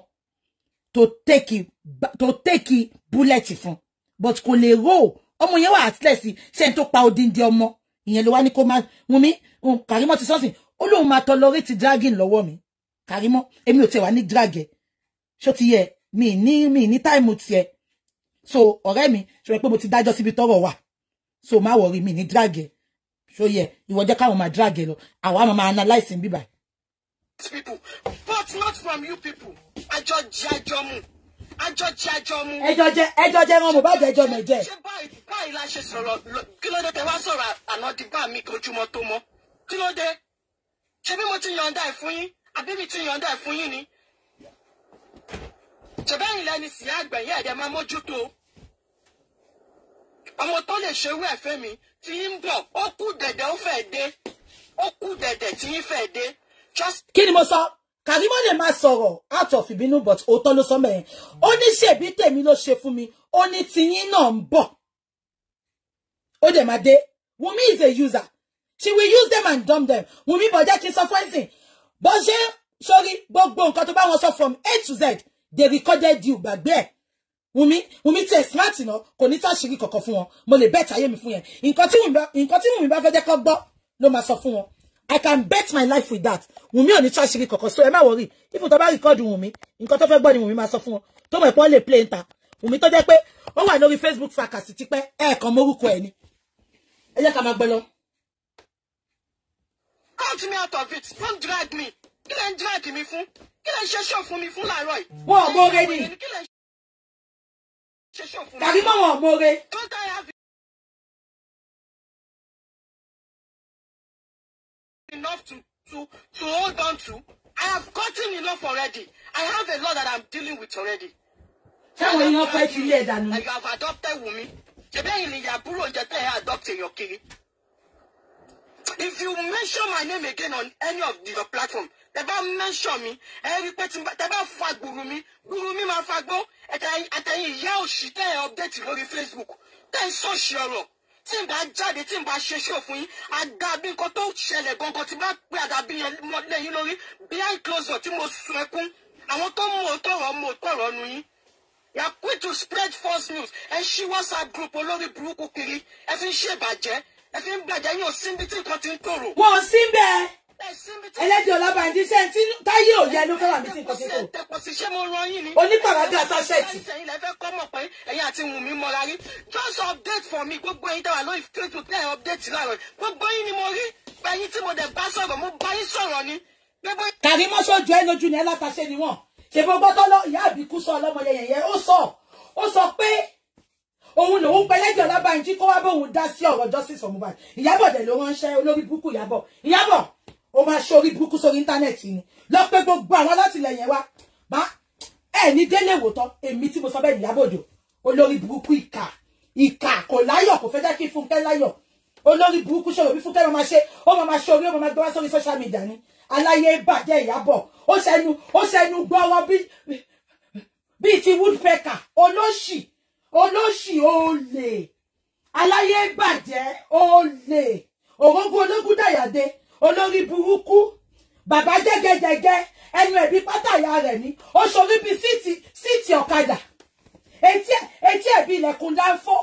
to take to take bullet fún but kò lè rò ọmọ yẹn wà at least ṣe n tó pa odindi ọmọ ìyẹn wa wá ní kó máa Wunmi um, Karimo ti something ó lóun máa tolerate dragging lọ́wọ́ mi Karimo emi ò tiẹ̀ wá ní drag ẹ̀ ti yẹ mi ni mi ní táìmù tiẹ̀ so ọ̀rẹ́ mi ṣe pé mo ti dájọ́ síbi tọ́rọ̀ wà so má wọ̀rí mi ní drag ẹ̀ ṣó yẹ ìwọ jẹ́ káwọn máa drag ẹ̀ lọ àwa máa analyse bíbáyìí people but not from you people àjọ jẹ àjọ mu àjọ jẹ àjọ mu. ẹjọ jẹ ẹjọ jẹ wọn Mohbad ẹjọ mẹjẹ. ṣé báyìí báyìí la ṣe sọ̀rọ̀ kí ló dé tẹ wá sọ̀rọ̀ ànádìgbà mi ojúmọ́ tó mọ́ kí ló dé ṣé mo ti yọ̀ǹda ẹ̀ fún yín àbí mi ti yọ̀ǹda ẹ̀ fún yín ni. ṣèbẹ́yìn lẹni sì á gbẹ̀yìn ẹ̀dẹ̀ máa mójútó ọmọ tó lè ṣe ewé ẹ̀fẹ́ mi ti ń bọ̀ ó kú dẹ̀dẹ̀ ó fẹ́ dé ó kú dẹ̀dẹ̀ tí ń fẹ́ dé kí ni mo sọ Karimo lè máa sọ̀rọ̀ out of ìbínú but òótọ́ ló sọ mẹ́yìn ó ní ṣèbí tèmi ló ṣe fún mi ó ní tiyín náà ń bọ̀ ó dẹ̀ máa dé Wunmi is a user she will use them and dump them Wunmi bọ̀jẹ́ kí n sọ fún ẹ̀sìn bó ṣe sórí gbogbo nǹkan tó bá wọn sọ from A to Z they recorded you gbàgbé ẹ̀ Wunmi Wunmi tẹ̀ smart náà kò ní táṣìírí kọ̀ọ̀kan fún wọn mo lè bẹ́ẹ̀ tayé mi fún yẹn nǹkan tí Wunmi bá fẹ́ jẹ́ kó gbọ́ ló máa sọ fún wọn I can bet my life with that. Wùmí ò ní tú àṣírí so ema worry. If tó bá record Wùmí, nǹkan tó fẹ́ gbọ́ ni Wùmí máa sọ fún wọn. Tó mọ̀ play nta. Wùmí tó jẹ́ pé ó wà Facebook fracas ti pẹ́ ẹ kàn mórúkọ ẹ̀ ni. Ẹ jẹ́ ká máa Count me out of it. Don't drag me. Kí lẹ drag mi fun. Kí lẹ ń ṣe show fún mi fún láàárọ̀ yìí? Wọ́n ò mórè ni. Tàbí mọ́ wọn ò mórè. Don't I have enough to, to, to hold on to. I have gotten enough already. I have a lot that I'm dealing with already. Táwọn èèyàn pẹ́ ti ilé ẹ̀dá ni. You have adopted Wumi. Ṣèbí ẹ̀yin nìyà àbúrò oúnjẹ tẹ́ ẹ̀ adopt èèyàn kiri. If you mention my name again on any of the, your platform, they bá mention mi, ẹ rí pé tẹ bá fa gbùrù mi, gbùrù mi máa fa gbó, ẹ̀tẹ̀yìn ìyá òṣì tẹ́ ẹ̀ update lórí Facebook, tẹ́ ẹ̀ sọ̀ṣì ọ̀rọ̀ tí n bá jáde tí n bá ṣe ṣó fún yín àdàbí nǹkan tó ṣẹlẹ̀ gangan tí bá pé àdàbí yẹn lẹ́yìn lórí behind closed tí mo sun ẹkún àwọn tó mú òótọ́ ọ̀rọ̀ mú òótọ́ ọ̀rọ̀ nu yín you are quick to spread false news ẹ ṣí whatsapp group olórí burúkú kiri ẹ fi ń ṣèbàjẹ́ ẹ fi ń gbàjẹ́ yín ò síbi tí nǹkan ti ń tòrò. wọ́n síbẹ̀ ẹlẹ́dìí ọlábàndí ṣe tí táyé ò yẹ ló fẹ́ wà mí sí ìkọ́síkò. tẹpọ̀sí ṣé mo rán yín ni. onípàràgà sáṣẹ́ẹ̀tì. ẹ̀yin lẹ fẹ́ kọ́ mọ̀ pé ẹ̀yin àti wùn mí mọ́ra rí just update for me gbogbo ẹ̀yin tẹ́wà lórí facebook náà update láàárọ̀ gbogbo yín ni mo rí ẹ̀yin tí mo dẹ̀ bá sọ̀rọ̀ mo bá yín sọ̀rọ̀ ni. kàrí mọ́ṣọ́jú ẹ lójú ni ẹ látàṣe ni wọ́n ṣe bó gbọ́tọ́ lọ ìyá àbíkú sọ ọlọ́mọ yẹyẹ ó sọ ó sọ pé òun lòun pẹlẹ́jọ lábàáyí kó wá bóun dá sí ọ̀rọ̀ justice for Mohbad Ìyábọ̀ ló ránṣẹ́ olórí búkú Ìyábọ̀ Ìyábọ̀ o máa ṣorí burúkú sórí íńtánẹ́ẹ̀tì ni lọ pé gbogbo àwọn alátìlẹyìn wa bá ẹ ní délé ìwòtán èmi tí mo sọ bẹ́ẹ̀ nìyá bòjò olórí burúkú ìkà ìkà kò láyọ̀ kò fẹ́ jẹ́ kí fúnkẹ́ láyọ̀ olórí burúkú ṣòro bí fúnkẹ́ ló máa ṣe ó máa máa ṣorí ó máa máa gbé wá social media ni aláyé bàjẹ́ ìyábọ̀ ó ṣẹnu ó nu gbọ́ wọn bí bíi ti woodpecker olóṣì olóṣì olè aláyé bàjẹ́ olè ògógó ológun dàyàdé olórí burúkú bàbá jẹgẹjẹgẹ ẹnu ẹbí pátáyà rẹ ní oṣooṣù bíi síìtì síìtì ọ̀kadà etí etí ẹbí ilẹ̀kùn dáńfó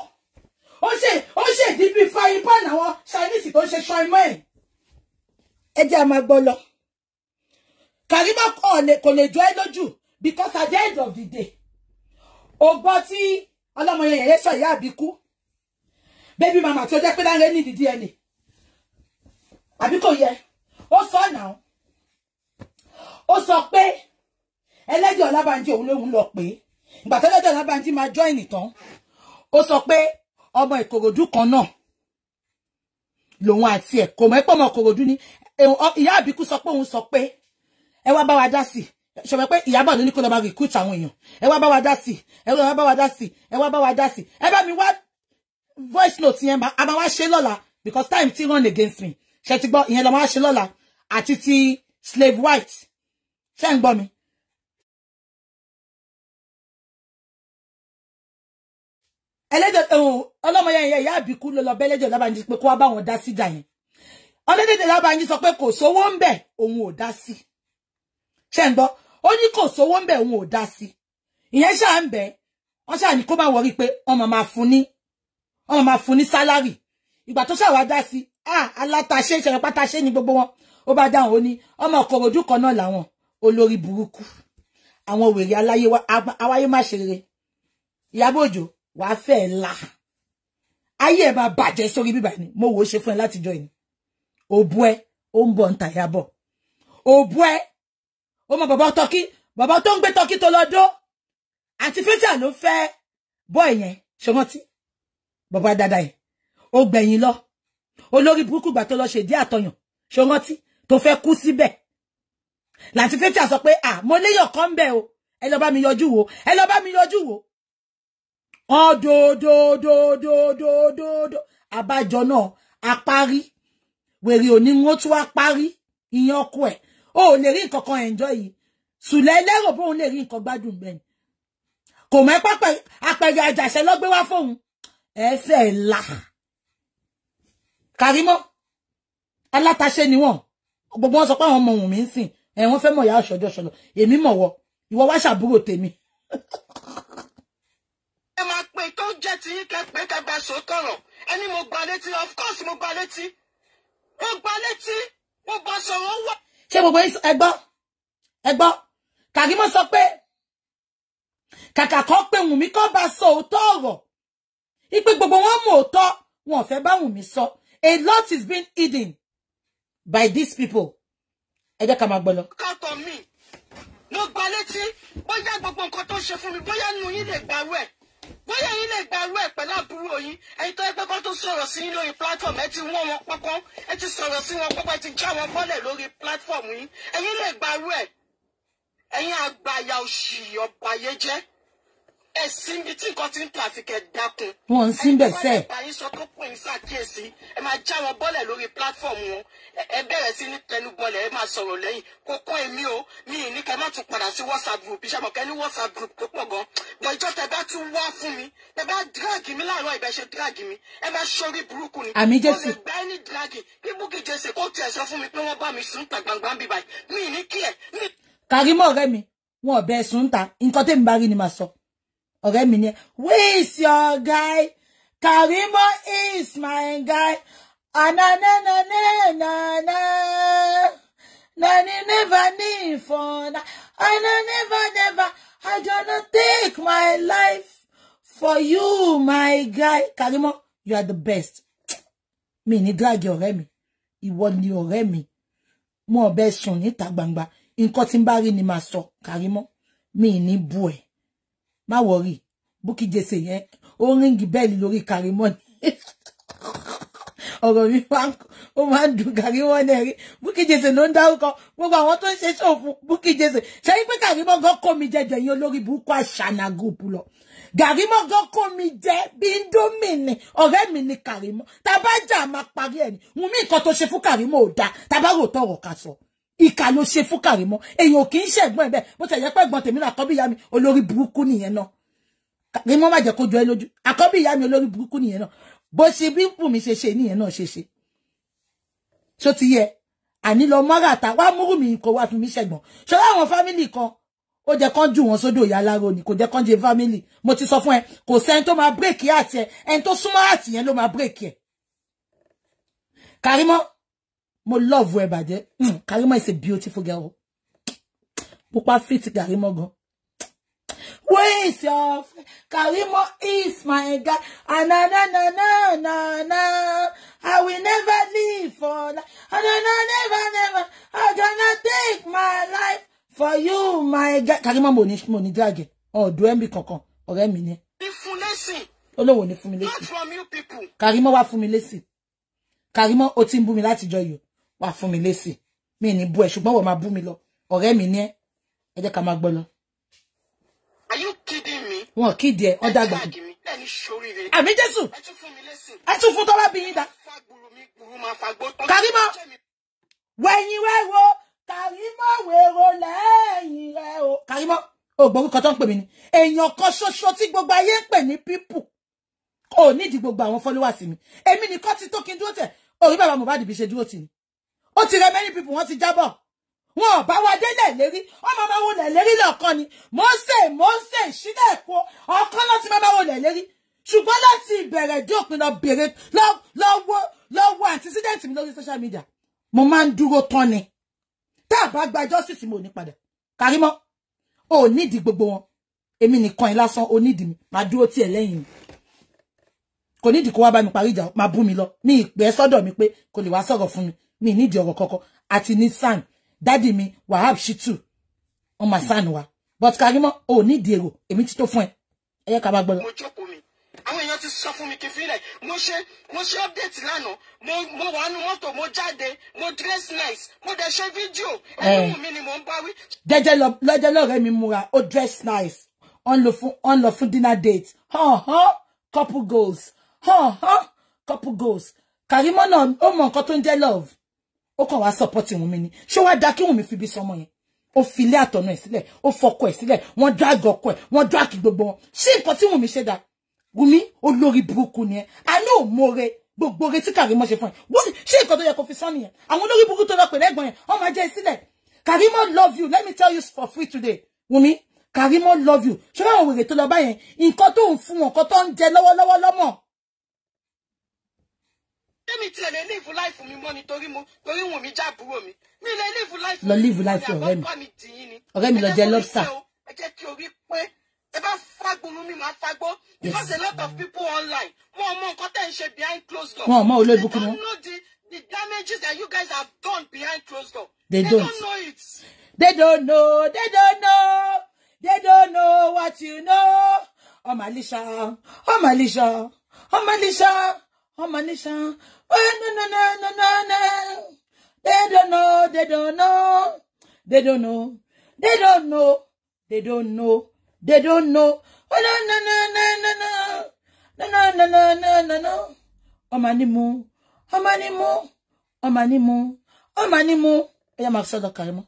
ó ṣe ó ṣe ìdí bíi frying pan àwọn chinese tó ṣe ṣan imọ ẹ ẹ jẹ́ àmà gbọ́ lọ Karimo kò lè jọ ẹ lójú because at the end of the day o gbọ́ tí ọlọ́mọ yẹn yẹn sọ ìyá àbíkú bébí màmá tí ó jẹ́ pé láńrẹ́ ní ìdí díẹ̀ àbí kò yẹ ó sọ náà ó sọ pé ẹlẹ́jẹ̀ ọlábànjí òun lóun lọ pé ìgbà tó lẹ́jẹ̀ ọlábànjí máa join tán ó sọ pé ọmọ ìkòròdú kan náà lòun àti ẹ̀ kò mọ̀ ẹ́ pọ̀ ọmọ ìkòròdú ni ìyá àbíkú sọ pé òun sọ pé ẹ wá bá wa dá sí ṣọmọ pé ìyábọ̀ ló ní kó lọ máa recruit àwọn èèyàn ẹ wá bá wa dá sí ẹ wá bá wa dá sí ẹ wá bá wa dá sí ẹ bá mi wá voice note yẹn a máa wá ṣe lọ́la because time ti run against me ṣe ti gbọ́ ìyẹn la máa lọ́la àti ti slave white ṣe ń gbọ́ mi. ẹlẹ́dẹ̀ oh, ọlọ́mọye yẹn ìyá àbíkú ló lọ bẹ́ ẹlẹ́dẹ̀ Ọlábánjí pé kó wá bá wọn dá sí ìjà yẹn ọlẹ́dẹ̀ Ọlábánjí sọ pé kò sówó ń bẹ̀ òun ò dá sí ṣe ń gbọ́ ó ní kò sówó ń bẹ̀ òun ò dá sí ìyẹn ṣáà ń bẹ̀ wọ́n ṣáà ní kó má wọrí pé wọ́n máa fún ní wọ́n máa fún ní sálárì ìgbà tó ṣàwádá sí ah alátaṣe ìṣẹ̀rẹ̀pátaṣe ni gbogbo wọn ó bá dáhùn ó ní ọmọ kòròdú kan náà làwọn olórí burúkú àwọn wèrè aláyé awáyé má ṣe rere Ìyábọ̀ Òjó wàá fẹ́ ẹ̀ la ayé ẹ̀ máa bàjẹ́ sórí bíbà ni mo wò ó ṣe fún ẹ látijọ́ yìí òbú ẹ ó ń bọ̀ ń tà Ìyábọ̀ òbú ẹ ó mọ bàbá tọkí bàbá tó ń gbé tọkí tó lọ dó àti fẹ́tíà ló fẹ́ bọ́ ẹ̀yẹn ṣọmọ́tí bàbá dáadáa yẹn ó gbẹ̀yìn lọ olórí burúkú gbà tó lọ ṣèdí àtọyàn ṣe rántí tó fẹ́ kú síbẹ̀ láti a àsọ pé à mo léyàn kan bẹ o ẹ lọ bá mi yọjú wo ẹ lọ bá mi yọjú wo ọdọọdọọdọọdọọdọọdọ àbájọ náà apárí wèrè òní wọn tún apárí ìyẹn ọkọ ẹ o ò lè rí nǹkan kan ẹ̀ńjọ́ yìí sùlẹ̀ ẹlẹ́rọ̀ bóun lè rí nǹkan gbádùn bẹ́ẹ̀ kò mọ́ ẹ pápẹ́ apẹ̀yà àjàṣẹ́ lọ́gbé wá fóun ẹ fẹ́ la. Karimọ́ alátaṣe ni wọ́n gbogbo wọn sọ pé àwọn ọmọ òun mi ń sìn ẹ wọ́n fẹ́ mọ̀ ìyá ọ̀ṣọ́jọ́ ṣọlọ èmi mọ̀ wọ ìwọ wá ṣàbúrò tèmi. ẹ máa pè tó jẹ́ ti yín kẹ́ pé kẹ́ gba sòtọ̀rọ̀ ẹni mo gba létí of course mo gba létí mo gba létí mo bọ sọ̀rọ̀ wá. ṣé gbogbo ẹ gbọ́ ẹ gbọ́ Karimọ́ sọ pé kàkà kan pé Wùnmí kọ́ bá sọ òótọ́ ọ̀rọ̀ ipe gbogbo wọn mú òótọ́ wọn ò fẹ́ bá Wùnmí So A lot is being hidden by these people. Ẹ jẹ́ ká máa gbọ́ lọ. Kàtọ̀ mi, mo gba létí, bóyá gbogbo nǹkan tó ṣe fún mi, bóyá nu yín lè gbàrú ẹ̀. Bóyá yín lè gbàrú ẹ̀ pẹ̀lú àbúrò yín, ẹ̀yin tó yẹ pé kó tó sọ̀rọ̀ sí yín lórí platform, ẹ ti wọ́n wọn pọ́pọ́n, ẹ ti sọ̀rọ̀ sí wọn pọ́pọ́n, ẹ ti já wọn bọ́lẹ̀ lórí platform yín. Ẹ̀yin lè gbàrú ẹ̀. Ẹ̀yin àgbàyà òṣì ọ̀bàyéjẹ́ ẹ sinbi tí nǹkan ti ń tún àfi dákun. wọn ń síbẹ̀ sẹ́. ẹni tó bá yín sọ tó pè ń ṣàkíyèsí ẹ máa já wọn bọ́lẹ̀ lórí platform wọn ẹ bẹ̀rẹ̀ sí ní tẹnubọlẹ̀ ẹ máa sọ̀rọ̀ lẹ́yìn kò kọ́ èmi o mi ì ní kẹ́ má tún padà sí whatsapp group iṣẹ́ mọ̀kẹ́ ní whatsapp group tó pọ̀ gan bọ̀ ìjọ tẹ bá tún wá fún mi tẹ bá dírágì mi láàárọ̀ ìbẹ́ ṣe dírágì mi ẹ bá ṣorí burúkú ni. àmì jésù. ọ̀nà ìgbà ẹni dírágì bí búkì jésù kó tiẹ̀ sọ fún mi pé wọ́n bá mi sùn ta gbangba bíbáyìí mi ì ní kí ẹ̀. Karimo ọ̀rẹ́ mi wọn ò bẹ sùn ta nǹkan tẹ́mi bá rí ni màá sọ ọ̀rẹ́ mi ni where is your guy Karimo is my guy ananananana ah, nani never need for na ana ah, never never I gonna take my life for you my guy Karimo you are the best mi ni drag ọ̀rẹ́ mi ìwọ ni ọ̀rẹ́ mi mo ọbẹ sùn níta gbangba nǹkan tí n bá rí ni màá sọ Karimo mi ní bú ẹ Ma worry, buki jese yẹn o ríngì bẹ́ẹ̀lì lori Karimot ọ̀rọ̀ mi ó o ń du Karimot náà buki jese Jesse ló ń dárúkọ gbogbo àwọn tó ń ṣe ṣòfò Bukky Jesse ṣe é pé Karimot gan kó mi jẹjẹ yín olórí burúkú àṣànà group lọ Karimot gan kó mi jẹ bí ń dún mí ni ọ̀rẹ́ mi ni Karimot tá a bá jà máa parí ẹ̀ ni wùmí nǹkan tó ṣe fún Karimot ò dáa tá a bá rò tọrọ ká sọ ìkà ló ṣe fún Kàrímọ́ èèyàn kì í ṣẹ̀gbọ́n ẹ̀ bẹ́ẹ̀ bó ti ẹ̀yẹ́ pé ẹ̀gbọ́n tèmi náà àkọ́bí ìyá mi olórí burúkú nìyẹn náà Kàrímọ́ má jẹ́ kó jọ ẹ́ lójú àkọ́bí ìyá mi olórí burúkú nìyẹn náà bó ṣe bí Wùmí ṣe ṣe nìyẹn náà ṣe ṣe ṣó ti yẹ àní lọ mọ́ra ta wá múrù mi kó wá fún mi ṣẹ̀gbọ́n ṣọ láwọn fámìlì kan ó jẹ́ kán jù wọn sódò ìyá aláró ni kò jẹ́ kán jẹ fámìlì mo ti sọ fún ẹ kò sẹ́ni tó máa bírèkì àti ẹ ẹni tó súnmọ́ àti ló máa bírèkì ẹ Kàrímọ́ mo love ẹ bàjẹ́ mm, Karimo is a beautiful girl pupa fit Karimo gan where is your Karimo is my guy ah, Na na na na na na I will never leave for na ah, na na never never I gonna take my life for you my guy Karimo mo ni mo ni drag ọ̀dọ̀ ẹ̀mí kankan ọ̀rẹ́ mi ni olówó ni fún mi lésì Karimo wá fún mi lésì Karimo ó ti ń mi láti jọ wàá fún mi lésì mi ní bú ẹ ṣùgbọ́n wọ́n máa bú mi lọ ọ̀rẹ́ mi ní ẹ ẹ jẹ́ ká máa gbọ́ are you kidding me. wọn kídi ẹ ọ dàgbà. àmì jésù ẹ tún fún tọ́lá bí yín dá. kàrímọ́ wẹ̀yìn wẹ́wọ́ kàrímọ́ wẹ̀rọ lẹ́yìn rẹ̀ o. kàrímọ́ ògbórúkọ tó ń pè mí ni èèyàn kan ṣoṣo tí gbogbo ayé ń pè ní pípù kò nídìí gbogbo àwọn fọlọ́wà sí mi èmi nìkan ti tó kí n dúró tẹ̀ orí bàbá Mohbad bí ṣe dúró tì ní ó ti rẹ many people wọ́n ti jábọ̀ wọn ò wa délẹ̀ lérí wọ́n máa máa wọlé lérí lọ́kàn ni Mósè Mósè ìṣílẹ̀ èkó ọ̀kan ló ti máa máa wọlé lérí ṣùgbọ́n láti ìbẹ̀rẹ̀ dé òpin lọ bèrè lọ́wọ́ lọ́wọ́ antecedent mi lórí social media mo máa ń dúró tán ni tá a bá gba justice mi ò ní padà Karimo ò nídìí gbogbo wọn èmi nìkan yìí lásán ò nídìí mi máa dúró tiẹ̀ lẹ́yìn mi kò nídìí kó wá bá mi parí ìjà máa bú mi lọ ní ìpè sọ́dọ̀ mi pé kò lè wá sọ̀rọ̀ fún mi mi nídìí ọ̀rọ̀ kọ́kọ́ àti ní san dádì mi Wahab Shitu On máa san wa but Karimo ò nídìí èrò èmi ti tó fún ẹ ẹ yẹ ká bá gbọ́dọ̀. mo jókòó mi àwọn èèyàn ti sọ fún mi kí n mo ṣe mo ṣe update lánàá mo mo wà nù mọ́tò mo jáde mo dress nice mo dẹ̀ ṣe fídíò ẹnu mi ni mo ń bá wí. jẹjẹ lọjẹ lọrẹ mi mura. ó dress nice on lọ fún on lọ fún dinner date Huh huh. couple goals Huh huh. couple goals Karimo náà ó mọ nǹkan tó ń jẹ́ love ó kàn wá support Wùnmí ni ṣé wàá dá kí Wùnmí fi bí sọmọ yẹn ó fi ilé àtọ̀nà ẹ̀ sílẹ̀ ó fọkọ ẹ̀ sílẹ̀ wọ́n drag ọkọ ẹ̀ wọ́n drag gbogbo wọn ṣé nǹkan tí Wùnmí ṣe dá Wùnmí olórí burúkú ni I know òmóore gbogbo ore tí Kàrímọ́ ṣe fún ẹ ṣé nǹkan tó yẹ kó fi sọ nìyẹn àwọn olórí burúkú tó lọ pè lẹ́gbọ̀n yẹn wọ́n máa jẹ́ sílẹ̀ Kàrímọ́ love you let me tell you for free today Wùnmí Kàrímọ́ love you ṣé báwọn wèrè tó lọ bá yẹn nǹkan tó ń fún wọn nǹkan tó ń jẹ lọ́wọ́lọ́wọ́ lọ́mọ́ tẹ́mi tiẹ̀ lè live life mi mọ́ nítorí mo torí wùn mí jábúrò mi mi lè live life lọ live life ọ̀rẹ́ mi ọ̀rẹ́ mi lọ jẹ lobster. ẹ jẹ́ kí orí pé ẹ bá fagbunu mi máa fagbó because a lot of people online wọn ò mọ nǹkan tẹ́ ń ṣe behind closed door. wọn ò mọ olóògbé kúrò. they don't know the the damages that you guys have done behind closed door. they, they don't. don't know it. they don't know they don't know they don't know what you know. ọmọ Alisha ọmọ Alisha ọmọ Alisha ọmọ Alisha. Oh, no, no, no, no, no. no! They don't know. They don't know. They don't know. They don't know. They don't know. They don't know. Oh, no, no, no, no, no, no. No, no, no, no, no, no. Ọmọ ni mo. Ọmọ ni mo. Ọmọ ni mo. Ọmọ ni mo. Ẹ yá máa sọ́dọ̀ Karimo.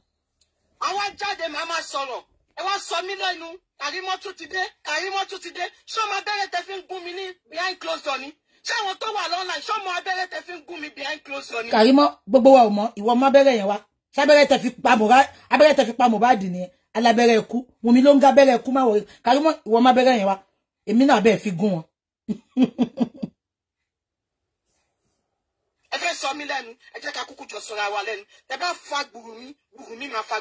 Àwa jáde màá máa sọ̀rọ̀. Ẹ wá sọ mí lẹ́nu. Karimo tún ti dé. Karimo tún ti dé. Ṣé ọmọ abẹ́rẹ́ tẹ fi ń gún mi behind closed door ṣé tó wà lọ́nà ìṣọ́mọ abẹ́rẹ́ tẹ fi ń gún mi behind close door ni. Kàrímọ́ gbogbo wa ò mọ ìwọ ọmọ abẹ́rẹ́ yẹn wa ṣé tẹ fi pa Mohbad abẹ́rẹ́ tẹ fi pa Mohbad nìyẹn alábẹ́rẹ́ ẹ̀kú Wùmí ló ń ga abẹ́rẹ́ ẹ̀kú máwọ̀ Kàrímọ́ ìwọ ọmọ abẹ́rẹ́ yẹn wa èmi náà bẹ́ẹ̀ fi gún wọn. ẹ fẹ́ sọ mí lẹ́nu ẹ jẹ́ ká kúkú jọ sọra wa lẹ́nu ẹ bá fa gbùrù mi gbùrù mi máa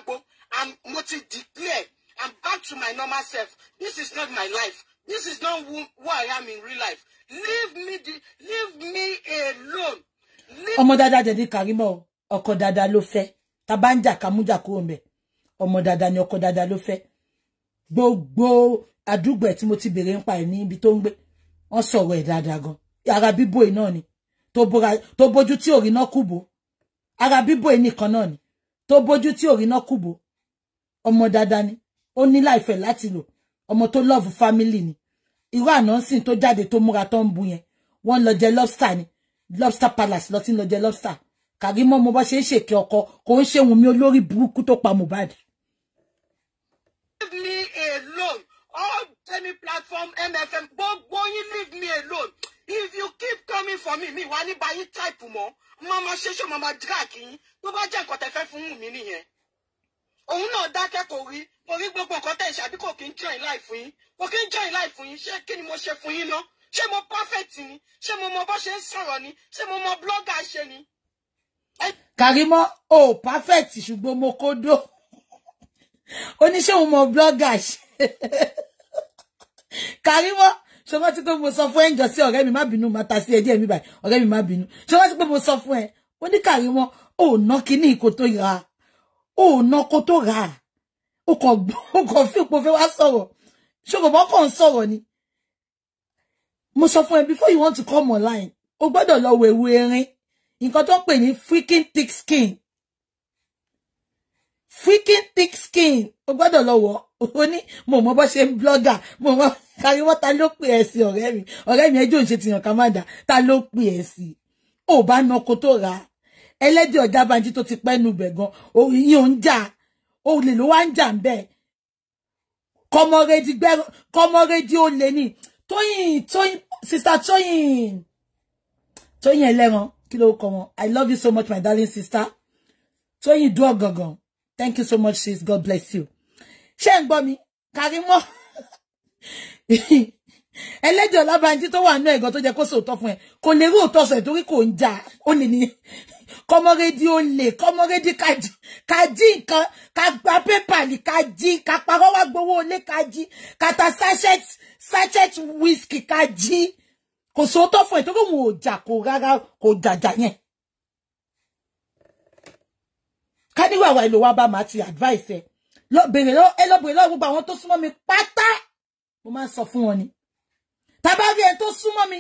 mo ti declare I'm back to my normal self this is not my life This is not who, who I am in real life. Leave me, the, leave me alone. Ọmọ dáadáa jẹ̀dí Kàrímọ̀ ọkọ dáadáa ló fẹ́. Tá bá ń jà ká mú jà kúrò ńbẹ̀. Ọmọ dáadáa ni ọkọ dáadáa ló fẹ́. Gbogbo àdúgbò ẹ̀ tí mo ti bèrè ń pa ẹ̀ ní ibi tó ń gbé. Wọ́n sọ̀rọ̀ gan. Ara bíbò ẹ̀ náà ni. Tó bójú tí òrì náà kùbò. Ara bíbò ẹ̀ nìkan náà ni. Tó bójú tí òrì náà kùbò. Ọmọ dáadáa ni. Ó ní láìfẹ̀ láti lò. Ọmọ tó lọ́ọ̀fù fámílì ni irú ànánsìn tó jáde tó múra tó bu yẹn wọ́n lọ jẹ lobster ni lobster palace lọ tí ń lọ lobster Karimo mo bá ṣe ń ṣèké ọkọ kò ń ṣe Wunmi olórí burúkú tó pa Mohbad. leave me alone all temi platform mfm gbogbo yín leave me alone if you keep coming for me mi wà ní báyìí táìpù mọ́ mo mama ṣe ṣé mo máa drag yín tó bá jẹ́ nǹkan tẹ́ fẹ́ fún mi nìyẹn kò rí mo rí gbogbo nǹkan tẹ̀ ṣe kò kí ń join life fún yín kò kí ń join life fún yín ṣé kí ni mo ṣe fún yín ná ṣé mo prophet ni ṣé mo mọ bó ṣe ń sọ̀rọ̀ ni ṣé mo mọ blogger ṣe ni. Karimo o oh, perfect ṣùgbọ́n mo kó dó oníṣẹ́ òun mọ blogger ṣe Karimo ṣe wọ́n ti pé mo sọ fún ẹ ń jọ sí ọ̀rẹ́ mi má bínú má ta sí ẹ díẹ̀ mi báyìí ọ̀rẹ́ mi má bínú ṣe wọ́n ti pé mo sọ fún ẹ ó ní ò ná kíní kó tó ra ò ná kó tó ra o kàn o kàn fi ipò fẹ́ wá sọ̀rọ̀ ṣòkòbọ́ kàn sọ̀rọ̀ ni mo sọ fún ẹ before you want to come online o gbọ́dọ̀ lọ wo ewu erin nǹkan tó ń pè ní freaking thick skin freaking thick skin o gbọ́dọ̀ lọ wọ̀ o ní mo mọ bó ṣe ń blogger mo mọ kárí wọ́n ta ló pè ẹ́ sí ọ̀rẹ́ mi ọ̀rẹ́ mi ẹjọ́ ń ṣe tìyàn ká má dà ta ló pè ẹ́ sí ò bá nako tó ra ẹlẹ́dẹ̀ ọ̀dà banjí tó ti pẹ́ nu bẹ̀ gan òyìn ò ń jà olè ló wá ń jà ń bẹ́ẹ̀ kọmọredi gbẹ kọmọredi olè ni tóyìn tóyìn sista tóyìn tóyìn ẹlẹ́ran kí ló kọ wọn i love you so much my darling sister tóyìn dúọ̀ gangan thank you so much sis god bless you ṣé ń gbọ́ mi Karimo ẹlẹ́jẹ̀ ọlábànjí tó wà nínú ẹ̀gọ́ tó jẹ́ kó sòótọ́ fún ẹ kò lè rí òótọ́ sọ torí kò ń jà ó lè ní kọ́mọ́rẹ́ di olè kọ́mọ́rẹ́ di kájí kájí nǹkan ká gba pépà ní kájí ká parọ́ wá gbowó olé kájí kàtà sachet sachet whisky kájí kò sóòótọ́ fún ẹ̀ tó lóun ò jà kó rárá kó jàjà yẹn. ká níwà wa ìlò wa bá máa ti advice ẹ lọ bèrè lọ ẹ lọ bèrè lọ gbogbo àwọn tó súnmọ́ mi pátá mo máa ń sọ fún wọn ni tá rí ẹ tó súnmọ́ mi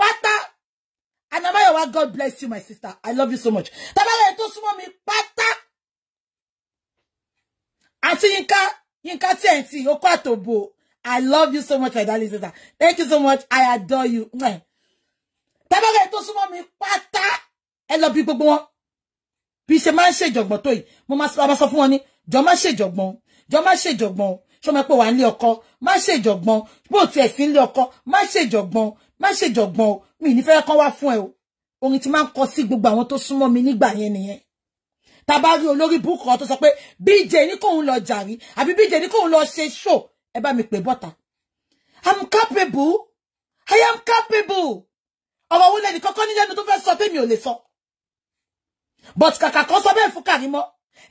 pátá Anabayowa, God bless you, my sister. I love you so much. Tabayowa, tó súnmọ́ mi pátá. Auntie Yinka, Yinka Tienti, Oko bo. I love you so much, my darling sister. Thank you so much. I adore you. Tabayowa, tó súnmọ́ mi pátá. Ẹ lọ bí gbogbo wọn. Bí ṣe máa ń ṣe jọ̀gbọ̀n tó yìí. Mo máa sọ fún wọn ni, jọ máa ṣe jọ̀gbọ̀n. Jọ máa ṣe jọ̀gbọ̀n. Ṣó mọ̀ pé wà nílé ọkọ, má ṣe jọ̀gbọ̀n má ṣe jọ̀gbọ́n mi ní fẹ́ kán wá fún ẹ o orin tí máa ń kọ gbogbo àwọn tó súnmọ́ mi nígbà yẹn nìyẹn tá bá rí olórí búùkù kan tó sọ pé BJ ní kóun lọ jàrí àbí BJ ní kóun lọ ṣe show ẹ bá mi pè bọ́ta i'm capable i am capable ọ̀rọ̀ wo lẹ́nu kọ́kọ́ nílẹ́nu tó fẹ́ sọ tèmi ò lè sọ but kàkà kan sọ bẹ́ẹ̀ fún Kàrímọ́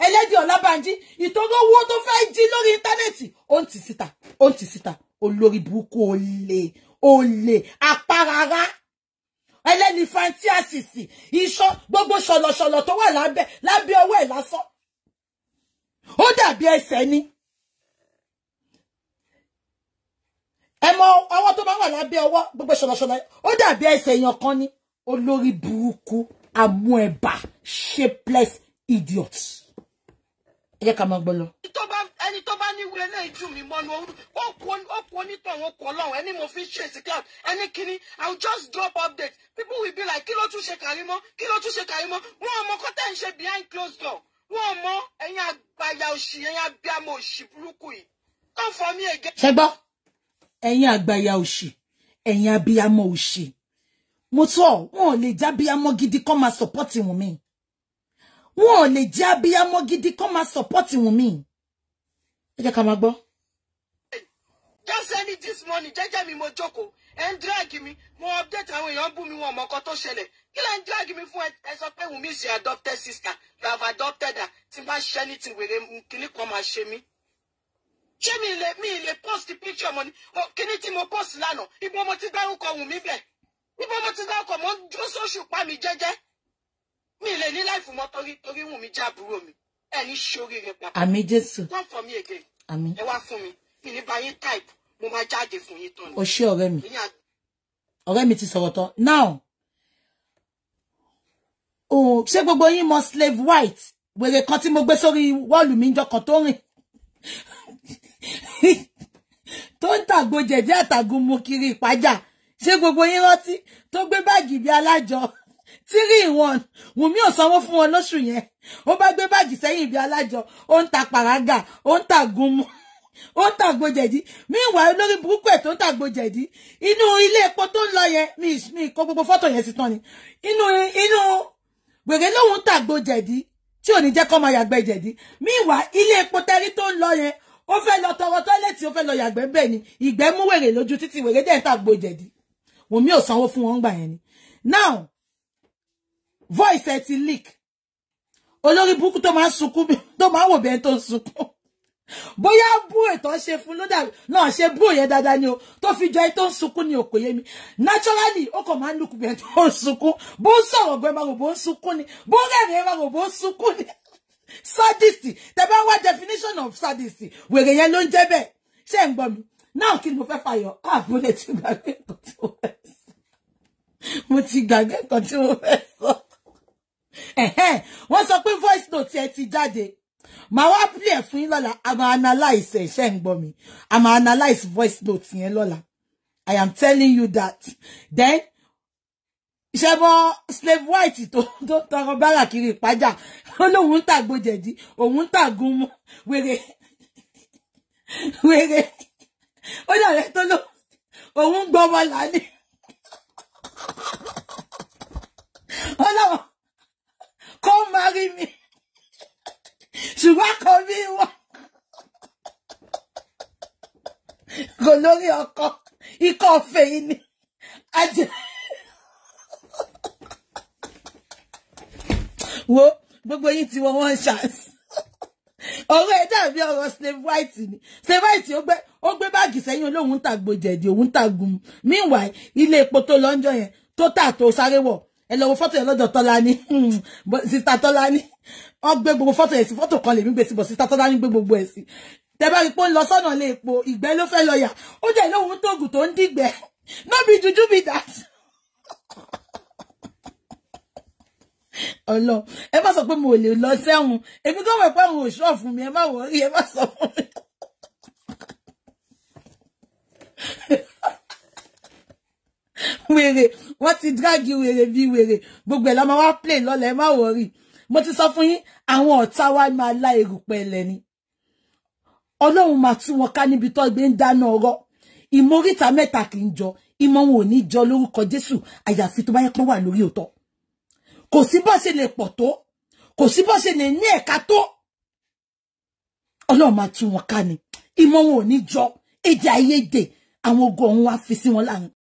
ẹlẹ́dìí Ọlábànjí ìtòrò owó tó fẹ́ jí lórí íńtánẹ́ẹ̀tì ó ń tì síta ó ń tì síta olórí burúkú olè apárará ẹlẹ́ni fantí àsìsì iṣọ́ gbogbo ṣọlọṣọlọ tó wà lábẹ́ lábẹ́ ọwọ́ ẹ̀ lásán ó dàbí ẹsẹ̀ ni ẹ mọ ọwọ́ tó bá wà lábẹ́ ọwọ́ gbogbo ṣọlọṣọlọ ó dàbí ẹsẹ̀ èèyàn kan ni olórí burúkú amú ẹ̀bà shapeless idiot ẹ jẹ́ ká máa gbọ́ lọ níwèé eléyìí jù mí mọ́nu ó kú onítọ̀hún ó kú ọlọ́run ẹni mo fi ń ṣèṣì ẹni kíní i will just drop update people will be like kí ló tún ṣe Karimo kí ló tún ṣe Karimo wọn ọmọ kọ́tẹ́ ń ṣe behind closed door wọn ọmọ ẹ̀yin àgbàyà òṣì ẹ̀yin abiyamọ òṣì burúkú yìí come for me again. ṣe gbọ́ ẹ̀yin àgbàyà òṣì ẹ̀yin abiyamọ òṣì mo tọ́ wọn ò lè jábíyamọ gidi kọ́ máa support Wunmi wọn ò lè jábíyamọ gidi kọ́ máa support Wunmi ẹ jẹ́ ká máa gbọ́. just send it this morning jẹ́jẹ́ mi mo jókòó ẹ̀ ń dírẹ́gì mi mo update àwọn èèyàn bú mi wọn ọmọ kan tó ṣẹlẹ̀ kí lẹ́ ń dírẹ́gì mi fún ẹ sọ pé Wunmi is your adopted sister you have adopted her tí n bá ṣẹ́ ní ti wèrè kíní kan máa ṣe mí ṣé mi lè mi lè post picture mo ni kíní tí mo post lánàá ibo mo ti dárúkọ Wunmi bẹ́ẹ̀ ibo mo ti dárúkọ mo ń dúró sóṣù pa mi jẹ́jẹ́ mi lè ní láìfù mọ́ torí torí Wunmi jẹ́ àbúrò mi ẹ ní ṣoríire papọ̀. àmì jésù. come for me again. àmì. ẹ wá fún mi mi ní bá yín type mo máa jáde fún yín tán ni. o ṣé ọ̀rẹ́ mi ọ̀rẹ́ mi ti sọ̀rọ̀ tán now òun ṣé gbogbo yín mọ slave white wèrè kan tí mo gbé sórí wọ́ọ̀lù mi jọkàn tó rìn tó ń tàgbo jẹ̀jẹ́ àtàgùn mu kiri ìpájà ṣé gbogbo yín rántí tó gbé báàgì bí alájọ three in one wùmí ò sanwó fún wọn lóṣù yẹn ó bá gbé báàgì sẹ́yìn ibi alájọ ó ń ta pàrágà ó ń ta gúnmu ó ń tàgbòjẹ̀dí míwà olórí burúkú ẹ̀ tó ń tàgbòjẹ̀dí inú ilé epo tó ń lọ yẹn mi mi kó gbogbo fọ́tò yẹn sí tán ni inú inú gbèrè lòun tàgbòjẹ̀dí tí ò ní jẹ́ kọ́ máa yàgbẹ́ jẹ̀dí míwà ilé epo tẹ́rí tó ń lọ yẹn ó fẹ́ lọ tọrọ tọ́lẹ́tì ó fẹ́ lọ yàgbẹ́ bẹ́ẹ̀ ni ìgbẹ́ mú wèrè lójú títí wèrè dẹ̀ ń tàgbòjẹ̀dí wòmí ò sanwó fún wọn gbà yẹn ni now voice ẹ ti leak olórí burúkú tó máa ń sunkún tó máa ń wò bẹ́ẹ̀ tó ń sunkún bóyá bú ètò ṣe fún ló dàbí náà ṣe bú òye dáadáa ni o tó fi jọ ẹ tó ń sunkún ní òkò yé mi naturally ó kàn máa ń lùkù bẹ́ẹ̀ tó ń sunkún bó ń sọ̀rọ̀ gbẹ́ máa rò bó ń sunkún ni bó ń rẹ̀rìn máa rò bó ń sunkún ni sadist tẹ wá definition of sadist wèrè yẹn ló ń jẹ́ bẹ́ẹ̀ ṣé ń gbọ́ mi náà kí ni mo fẹ́ fàyọ̀ àbúrò ah, ti gbàgbé nǹkan tí mo fẹ́ sọ wọ́n sọ pé voice note ẹ ti jáde màá wá play ẹ̀ fún yín lọ́la a máa analyse ẹ̀ ṣẹ́ ń gbọ́ mi a máa analyse voice note yẹn lọ́la I am telling you that then ṣe mọ slave white tó tó tọrọ bára kiri ìpájà ó lóun ń tàgbo jẹ̀dí òun ń tàgùn mọ wèrè wèrè ó dàbẹ tó lóun ń gbọmọ lálẹ́. olórí ọkọ ikọ̀ ọ̀fẹ́ yìí ni wo gbogbo yìí ti wọ one chance ọ̀rọ̀ ẹ̀ dàbí ọ̀rọ̀ slave white ni slave white ó gbé ó gbé báàgì sẹ́yìn olóhùn tàgbo jẹ̀dì òun tàgùn meanwhile ilé epo tó lọ́njọ́ Meanwhile, tó tà tó sáré Total, ẹ lọ wo fọ́tò yẹn lọ́dọ̀ Tọ́lání hmm, sista Tọ́lání ọ gbé gbogbo fọ́tò yẹn sí fọ́tò kan lèmi gbé sí bọ̀ sista Tọ́lání gbé gbogbo ẹ̀ sí tẹ bá rí pé ó ń lọ sọ́nà lé epo ìgbẹ́ ló fẹ́ lọ yà ó jẹ́ lóhun tóògùn tó ń dìgbẹ́ no be juju be that. ọlọ ẹ má sọ pé mo lè lọ sẹ́wọ̀n èmi tó wẹ̀ pé àwọn òṣùwọ̀n fún mi ẹ má wọrí ẹ má sọ fún mi. wèrè wọ́n ti dragi wèrè bí wèrè gbogbo ẹ̀ la máa wá plane. lọ́lẹ̀ ẹ má wọrí mo ti sọ fún yín àwọn ọ̀tá wa máa la èrùpẹ̀ lẹ̀ ni ọlọ́run máa tú wọn ká níbi tó gbé ń dáná ọ̀rọ̀ ìmọ̀ríta mẹ́ta kì í jọ ìmọ̀ wọn ò ní jọ lórúkọ jésù àyàfi tó bá yẹ pé wà lórí òótọ́ kò sí bó ṣe lè pọ̀ tó kò sí bó ṣe lè ní ẹ̀ka tó ọlọ́run máa tú wọn ká ni ìmọ̀ wọn ò ní jọ èdè àìyedè àwọn ogun ọ̀hún wá fi sí wọn láàrin